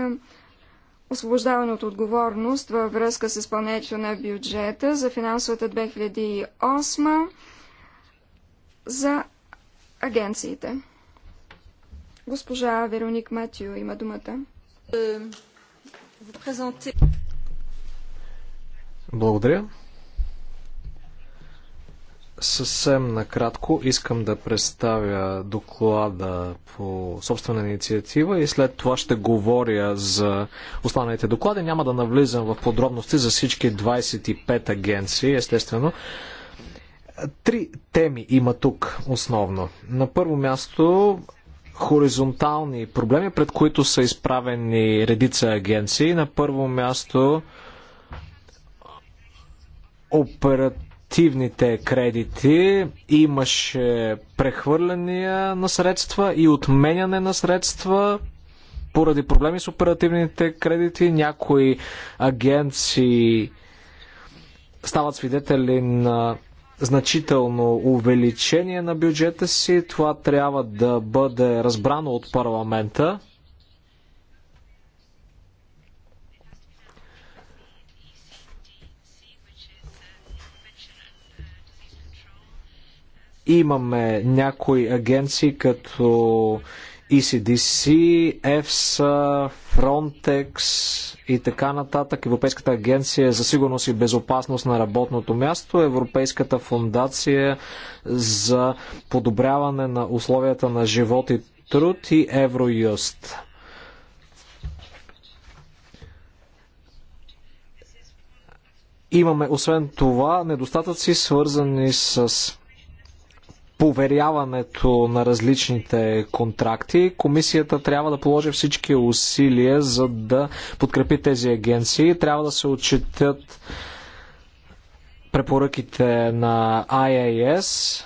Освобождаване от отговорност във връзка с изпълнението на бюджета за финансовата 2008 за агенциите. Госпожа Вероник Матио има думата. Е, благодаря. Съвсем накратко искам да представя доклада по собствена инициатива и след това ще говоря за останалите доклади. Няма да навлизам в подробности за всички 25 агенции, естествено. Три теми има тук основно. На първо място хоризонтални проблеми, пред които са изправени редица агенции. На първо място оперативните кредити имаше прехвърляния на средства и отменяне на средства поради проблеми с оперативните кредити. Някои агенции стават свидетели на значително увеличение на бюджета си. Това трябва да бъде разбрано от парламента. Имаме някои агенции като ECDC, EFSA, Frontex и така нататък, Европейската агенция за сигурност и безопасност на работното място, Европейската фундация за подобряване на условията на живот и труд и Евроюст. Имаме освен това недостатъци свързани с поверяването на различните контракти. Комисията трябва да положи всички усилия, за да подкрепи тези агенции. Трябва да се отчитат препоръките на IAS,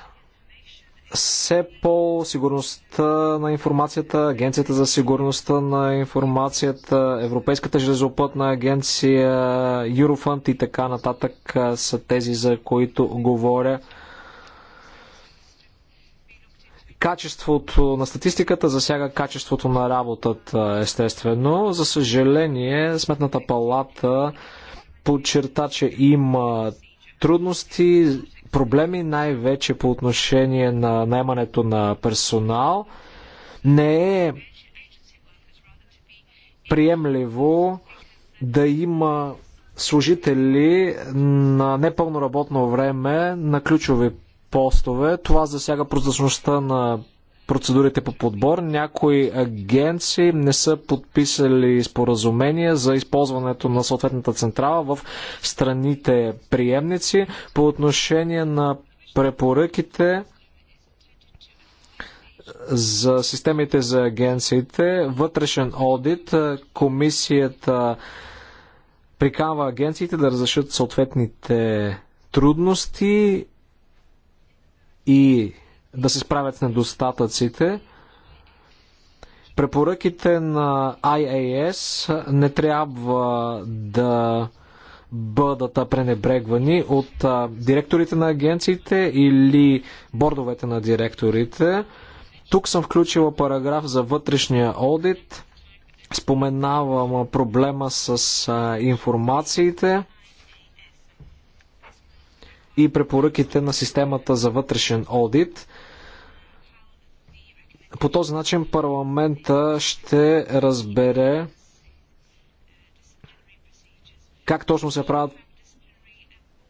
все по сигурността на информацията, Агенцията за сигурността на информацията, Европейската железопътна агенция, Юрофанд и така нататък са тези, за които говоря. Качеството на статистиката засяга качеството на работата, естествено. За съжаление, Сметната палата подчерта, че има трудности, проблеми най-вече по отношение на наймането на персонал. Не е приемливо да има служители на непълно работно време на ключови постове. Това засяга прозрачността на процедурите по подбор. Някои агенции не са подписали споразумения за използването на съответната централа в страните приемници. По отношение на препоръките за системите за агенциите, вътрешен одит, комисията приканва агенциите да разрешат съответните трудности и да се справят с недостатъците. Препоръките на IAS не трябва да бъдат пренебрегвани от директорите на агенциите или бордовете на директорите. Тук съм включила параграф за вътрешния одит. Споменавам проблема с информациите и препоръките на системата за вътрешен одит. По този начин парламента ще разбере как точно се правят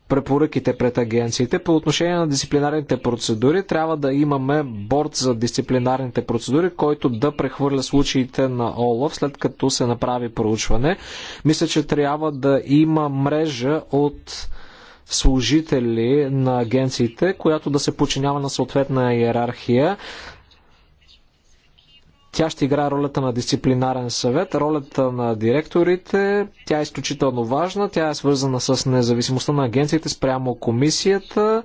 препоръките пред агенциите. По отношение на дисциплинарните процедури, трябва да имаме борт за дисциплинарните процедури, който да прехвърля случаите на ОЛАВ, след като се направи проучване. Мисля, че трябва да има мрежа от служители на агенциите, която да се подчинява на съответна иерархия. Тя ще играе ролята на дисциплинарен съвет, ролята на директорите. Тя е изключително важна. Тя е свързана с независимостта на агенциите спрямо комисията.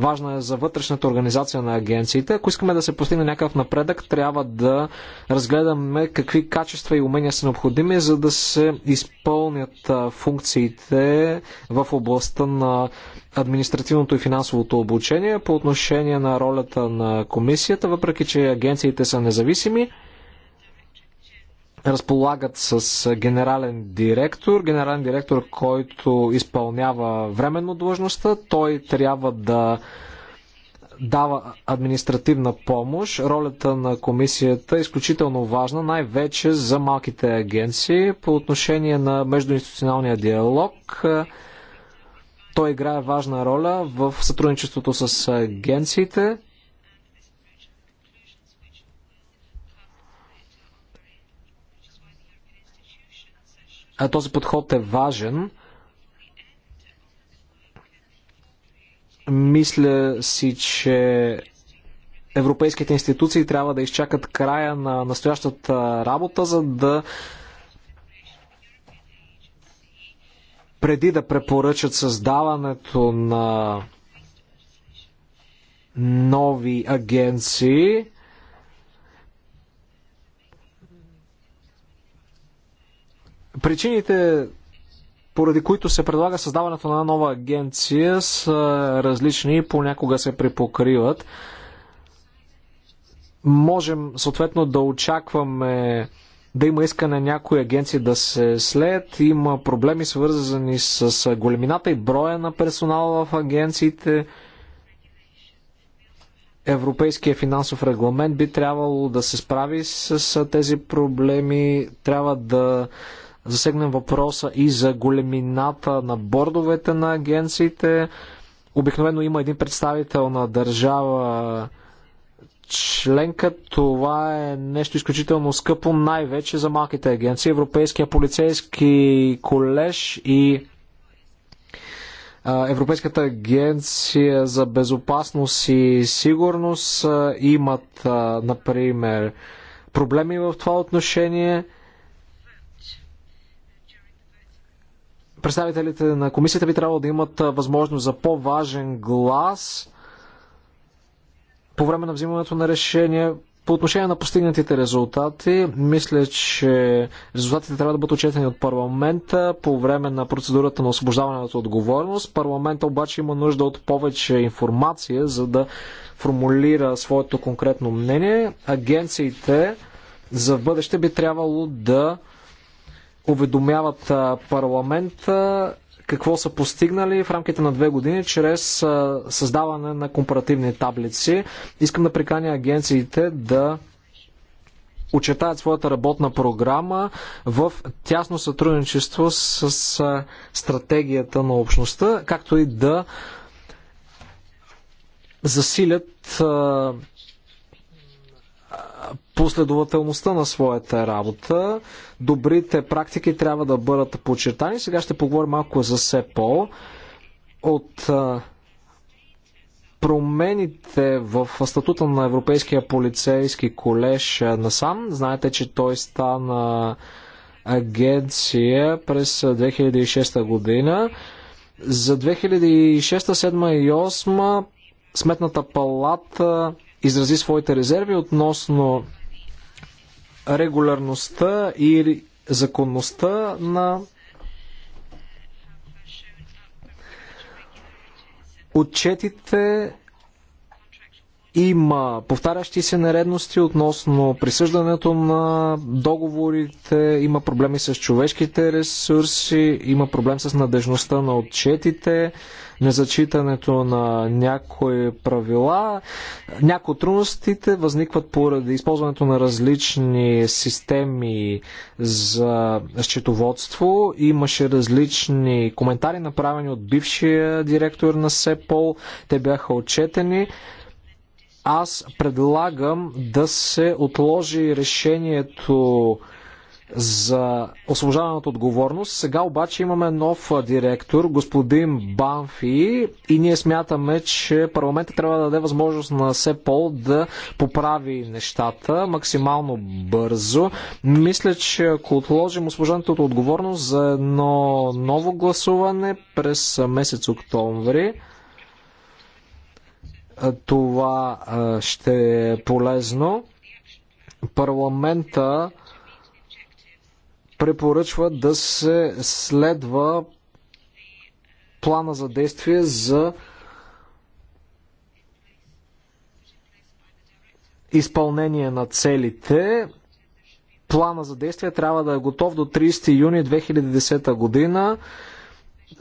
Важна е за вътрешната организация на агенциите. Ако искаме да се постигне някакъв напредък, трябва да разгледаме какви качества и умения са необходими, за да се изпълнят функциите в областта на административното и финансовото обучение по отношение на ролята на комисията, въпреки че агенциите са независими разполагат с генерален директор, генерален директор, който изпълнява временно длъжността, той трябва да дава административна помощ. Ролята на комисията е изключително важна, най-вече за малките агенции по отношение на междуинституционалния диалог. Той играе важна роля в сътрудничеството с агенциите. Този подход е важен. Мисля си, че европейските институции трябва да изчакат края на настоящата работа, за да преди да препоръчат създаването на нови агенции, Причините, поради които се предлага създаването на нова агенция, са различни и понякога се припокриват. Можем съответно да очакваме да има искане някои агенции да се след. Има проблеми свързани с големината и броя на персонала в агенциите. Европейския финансов регламент би трябвало да се справи с тези проблеми. Трябва да засегнем въпроса и за големината на бордовете на агенциите. Обикновено има един представител на държава членка. Това е нещо изключително скъпо, най-вече за малките агенции. Европейския полицейски колеж и Европейската агенция за безопасност и сигурност имат, например, проблеми в това отношение. представителите на комисията би трябвало да имат възможност за по-важен глас по време на взимането на решение. По отношение на постигнатите резултати, мисля, че резултатите трябва да бъдат отчетени от парламента по време на процедурата на освобождаване от отговорност. Парламента обаче има нужда от повече информация, за да формулира своето конкретно мнение. Агенциите за бъдеще би трябвало да уведомяват парламента какво са постигнали в рамките на две години чрез създаване на компаративни таблици. Искам да приканя агенциите да очертаят своята работна програма в тясно сътрудничество с стратегията на общността, както и да засилят последователността на своята работа. Добрите практики трябва да бъдат подчертани. Сега ще поговорим малко за СЕПО. От промените в статута на Европейския полицейски колеж насам, знаете, че той стана агенция през 2006 година. За 2006, 2007 и 2008 Сметната палата изрази своите резерви относно регулярността и законността на отчетите има повтарящи се нередности относно присъждането на договорите, има проблеми с човешките ресурси, има проблем с надежността на отчетите, незачитането на някои правила. Някои от трудностите възникват поради използването на различни системи за счетоводство. Имаше различни коментари, направени от бившия директор на СЕПОЛ. Те бяха отчетени аз предлагам да се отложи решението за освобождаване от отговорност. Сега обаче имаме нов директор, господин Банфи, и ние смятаме, че парламентът трябва да даде възможност на СЕПОЛ да поправи нещата максимално бързо. Мисля, че ако отложим освобождането от отговорност за едно ново гласуване през месец октомври, това ще е полезно. Парламента препоръчва да се следва плана за действие за изпълнение на целите. Плана за действие трябва да е готов до 30 юни 2010 година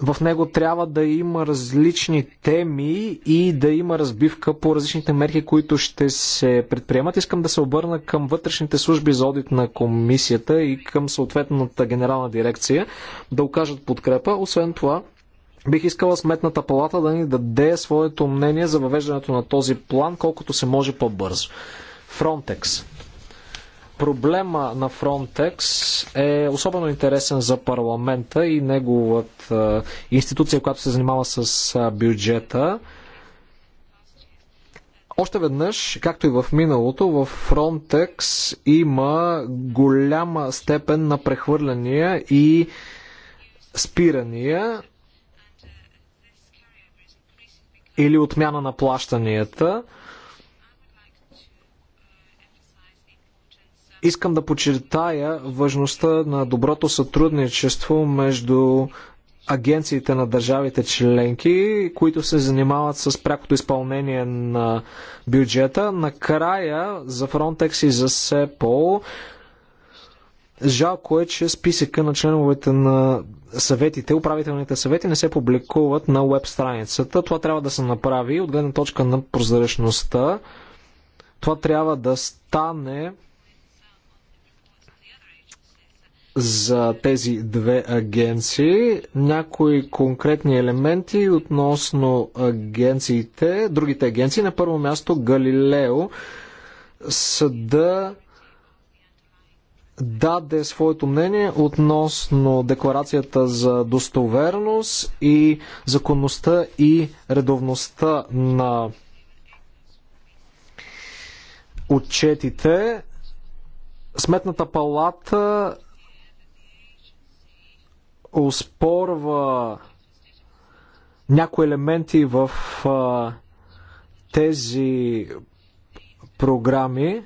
в него трябва да има различни теми и да има разбивка по различните мерки, които ще се предприемат. Искам да се обърна към вътрешните служби за одит на комисията и към съответната генерална дирекция да окажат подкрепа. Освен това, бих искала Сметната палата да ни даде своето мнение за въвеждането на този план колкото се може по-бързо. Фронтекс. Проблема на Frontex е особено интересен за парламента и неговата институция, която се занимава с бюджета. Още веднъж, както и в миналото, в Frontex има голяма степен на прехвърляния и спирания или отмяна на плащанията. Искам да подчертая важността на доброто сътрудничество между агенциите на държавите членки, които се занимават с прякото изпълнение на бюджета. Накрая за Frontex и за СЕПОЛ Жалко е, че списъка на членовете на съветите, управителните съвети не се публикуват на веб страницата. Това трябва да се направи от гледна точка на прозрачността. Това трябва да стане за тези две агенции, някои конкретни елементи относно агенциите, другите агенции. На първо място Галилео съда даде своето мнение относно декларацията за достоверност и законността и редовността на отчетите. Сметната палата оспорва някои елементи в а, тези програми.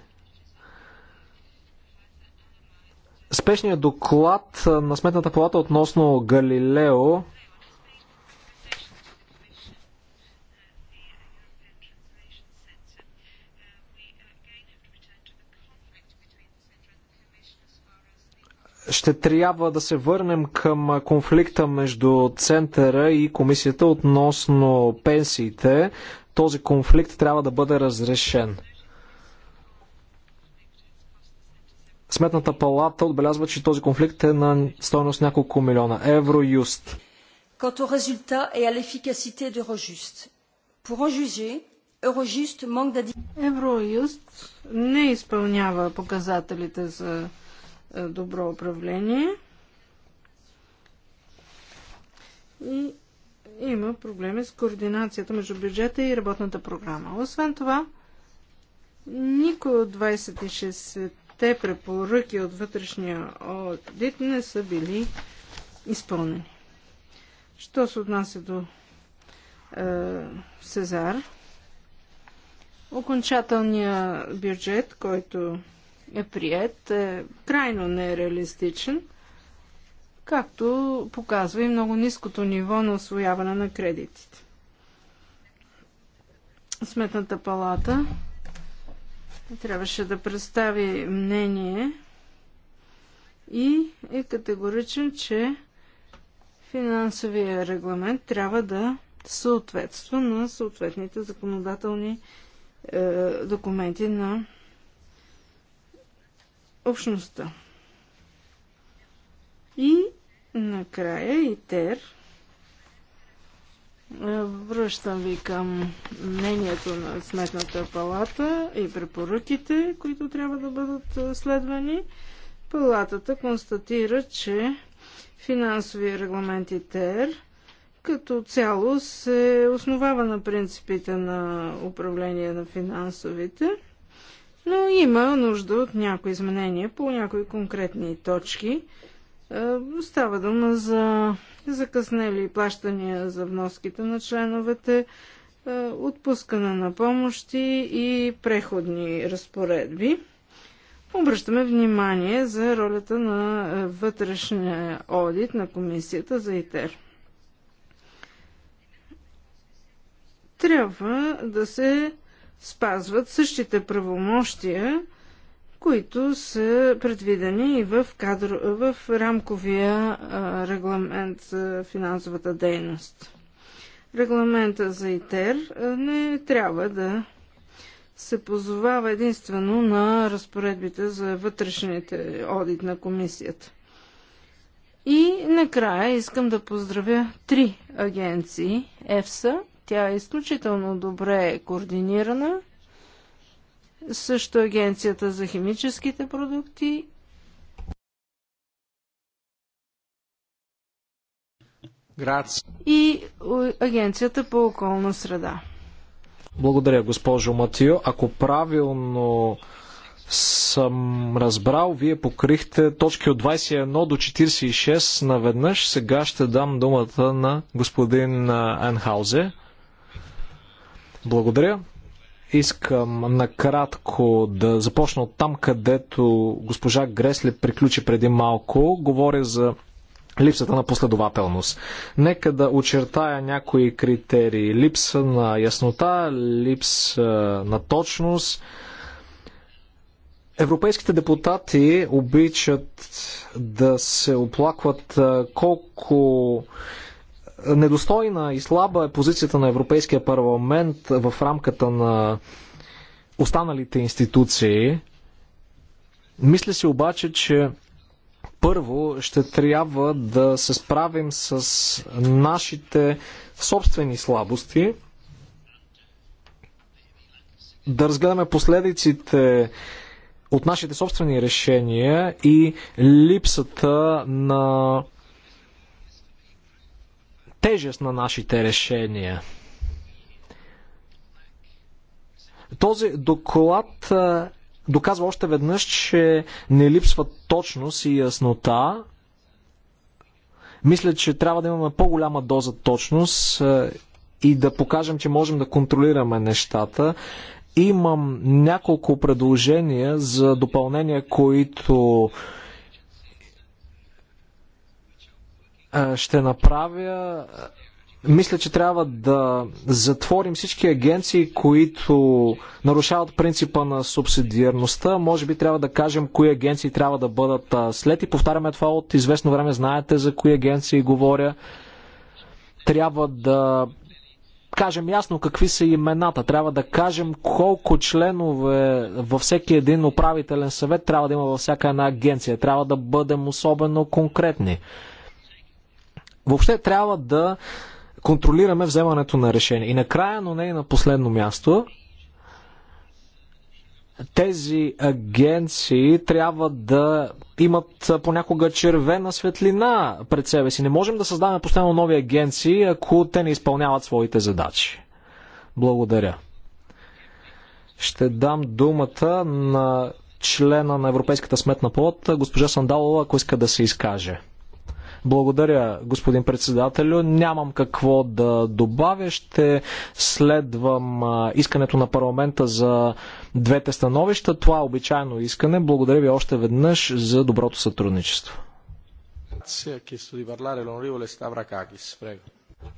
Спешният доклад на Сметната палата относно Галилео ще трябва да се върнем към конфликта между Центъра и комисията относно пенсиите. Този конфликт трябва да бъде разрешен. Сметната палата отбелязва, че този конфликт е на стоеност няколко милиона. евро юст. Quant aux résultats et à l'efficacité d'Eurojust, en juger, Eurojust manque Евроюст не изпълнява показателите за е, добро управление. И има проблеми с координацията между бюджета и работната програма. Освен това, никой от 26-те препоръки от вътрешния одит не са били изпълнени. Що се отнася до е, Сезар? Окончателният бюджет, който е прият, е крайно нереалистичен, както показва и много ниското ниво на освояване на кредитите. Сметната палата трябваше да представи мнение и е категоричен, че финансовия регламент трябва да съответства на съответните законодателни е, документи на общността. И накрая ИТЕР. Е, връщам ви към мнението на Сметната палата и препоръките, които трябва да бъдат е, следвани. Палатата констатира, че финансови регламент ИТЕР като цяло се основава на принципите на управление на финансовите – но има нужда от някои изменения по някои конкретни точки. Е, става дума за закъснели плащания за вноските на членовете, е, отпускане на помощи и преходни разпоредби. Обръщаме внимание за ролята на вътрешния одит на комисията за ИТЕР. Трябва да се спазват същите правомощия, които са предвидени и в, кадр, в рамковия а, регламент за финансовата дейност. Регламента за ИТЕР не трябва да се позовава единствено на разпоредбите за вътрешните одит на комисията. И накрая искам да поздравя три агенции ЕФСА, тя е изключително добре координирана. Също Агенцията за химическите продукти и Агенцията по околна среда. Благодаря, госпожо Матио. Ако правилно съм разбрал, вие покрихте точки от 21 до 46 наведнъж. Сега ще дам думата на господин Енхаузе. Благодаря. Искам накратко да започна от там, където госпожа Гресле приключи преди малко. Говоря за липсата на последователност. Нека да очертая някои критерии. Липса на яснота, липса на точност. Европейските депутати обичат да се оплакват колко Недостойна и слаба е позицията на Европейския парламент в рамката на останалите институции. Мисля си обаче, че първо ще трябва да се справим с нашите собствени слабости, да разгледаме последиците от нашите собствени решения и липсата на тежест на нашите решения. Този доклад доказва още веднъж, че не липсва точност и яснота. Мисля, че трябва да имаме по-голяма доза точност и да покажем, че можем да контролираме нещата. Имам няколко предложения за допълнения, които Е, ще направя. Е, мисля, че трябва да затворим всички агенции, които нарушават принципа на субсидиарността. Може би трябва да кажем кои агенции трябва да бъдат е, след и повтаряме това от известно време. Знаете за кои агенции говоря. Трябва да кажем ясно какви са имената. Трябва да кажем колко членове във всеки един управителен съвет трябва да има във всяка една агенция. Трябва да бъдем особено конкретни. Въобще трябва да контролираме вземането на решение. И накрая, но не и на последно място, тези агенции трябва да имат понякога червена светлина пред себе си. Не можем да създаваме постоянно нови агенции, ако те не изпълняват своите задачи. Благодаря. Ще дам думата на члена на Европейската сметна палата, госпожа Сандалова, ако иска да се изкаже. Благодаря, господин председателю. Нямам какво да добавя. Ще следвам искането на парламента за двете становища. Това е обичайно искане. Благодаря ви още веднъж за доброто сътрудничество.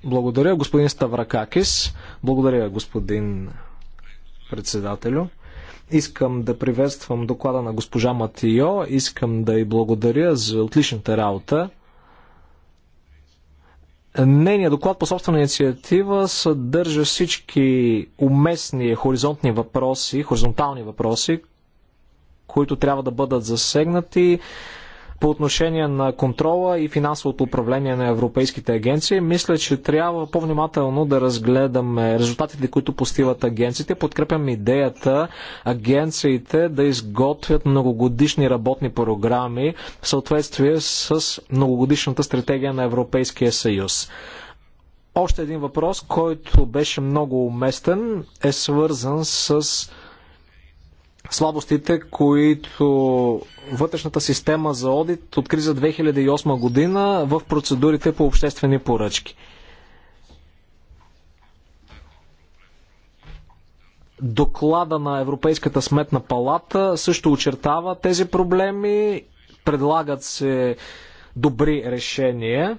Благодаря, господин Ставракакис. Благодаря, господин председателю. Искам да приветствам доклада на госпожа Матио. Искам да й благодаря за отличната работа. Нейният доклад по собствена инициатива съдържа всички уместни хоризонтни въпроси, хоризонтални въпроси, които трябва да бъдат засегнати по отношение на контрола и финансовото управление на европейските агенции. Мисля, че трябва по-внимателно да разгледаме резултатите, които постигат агенциите. Подкрепям идеята агенциите да изготвят многогодишни работни програми в съответствие с многогодишната стратегия на Европейския съюз. Още един въпрос, който беше много уместен, е свързан с слабостите, които вътрешната система за одит откри за 2008 година в процедурите по обществени поръчки. Доклада на Европейската сметна палата също очертава тези проблеми, предлагат се добри решения.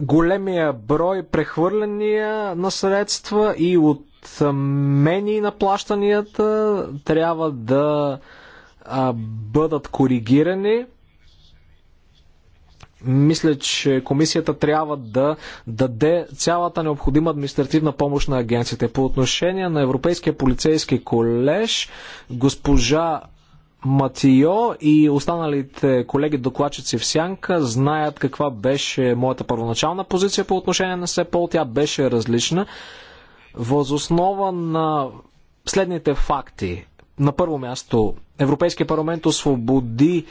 големия брой прехвърляния на средства и от отмени на плащанията трябва да а, бъдат коригирани. Мисля, че комисията трябва да даде цялата необходима административна помощ на агенциите. По отношение на Европейския полицейски колеж, госпожа Матио и останалите колеги докладчици в Сянка знаят каква беше моята първоначална позиция по отношение на СЕПОЛ. Тя беше различна. Възоснова на следните факти. На първо място, Европейския парламент освободи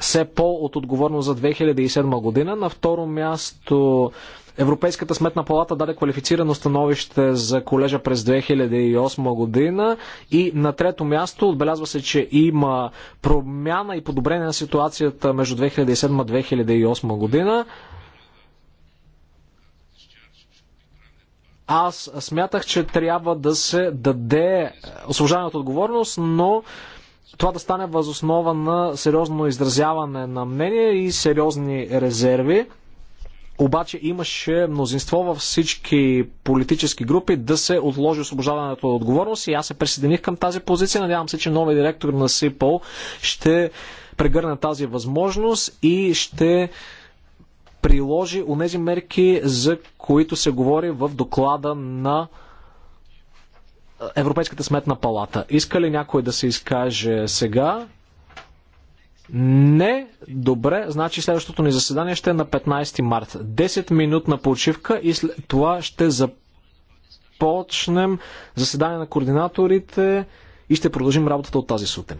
все по от отговорност за 2007 година. На второ място Европейската сметна палата даде квалифицирано становище за колежа през 2008 година и на трето място отбелязва се, че има промяна и подобрение на ситуацията между 2007-2008 година. Аз смятах, че трябва да се даде освобождаване от отговорност, но това да стане възоснова на сериозно изразяване на мнение и сериозни резерви. Обаче имаше мнозинство във всички политически групи да се отложи освобождаването от отговорност и аз се присъединих към тази позиция. Надявам се, че новия директор на СИПОЛ ще прегърне тази възможност и ще приложи онези мерки, за които се говори в доклада на Европейската сметна палата. Иска ли някой да се изкаже сега? Не, добре, значи следващото ни заседание ще е на 15 март. 10 минутна почивка и след това ще започнем заседание на координаторите и ще продължим работата от тази сутрин.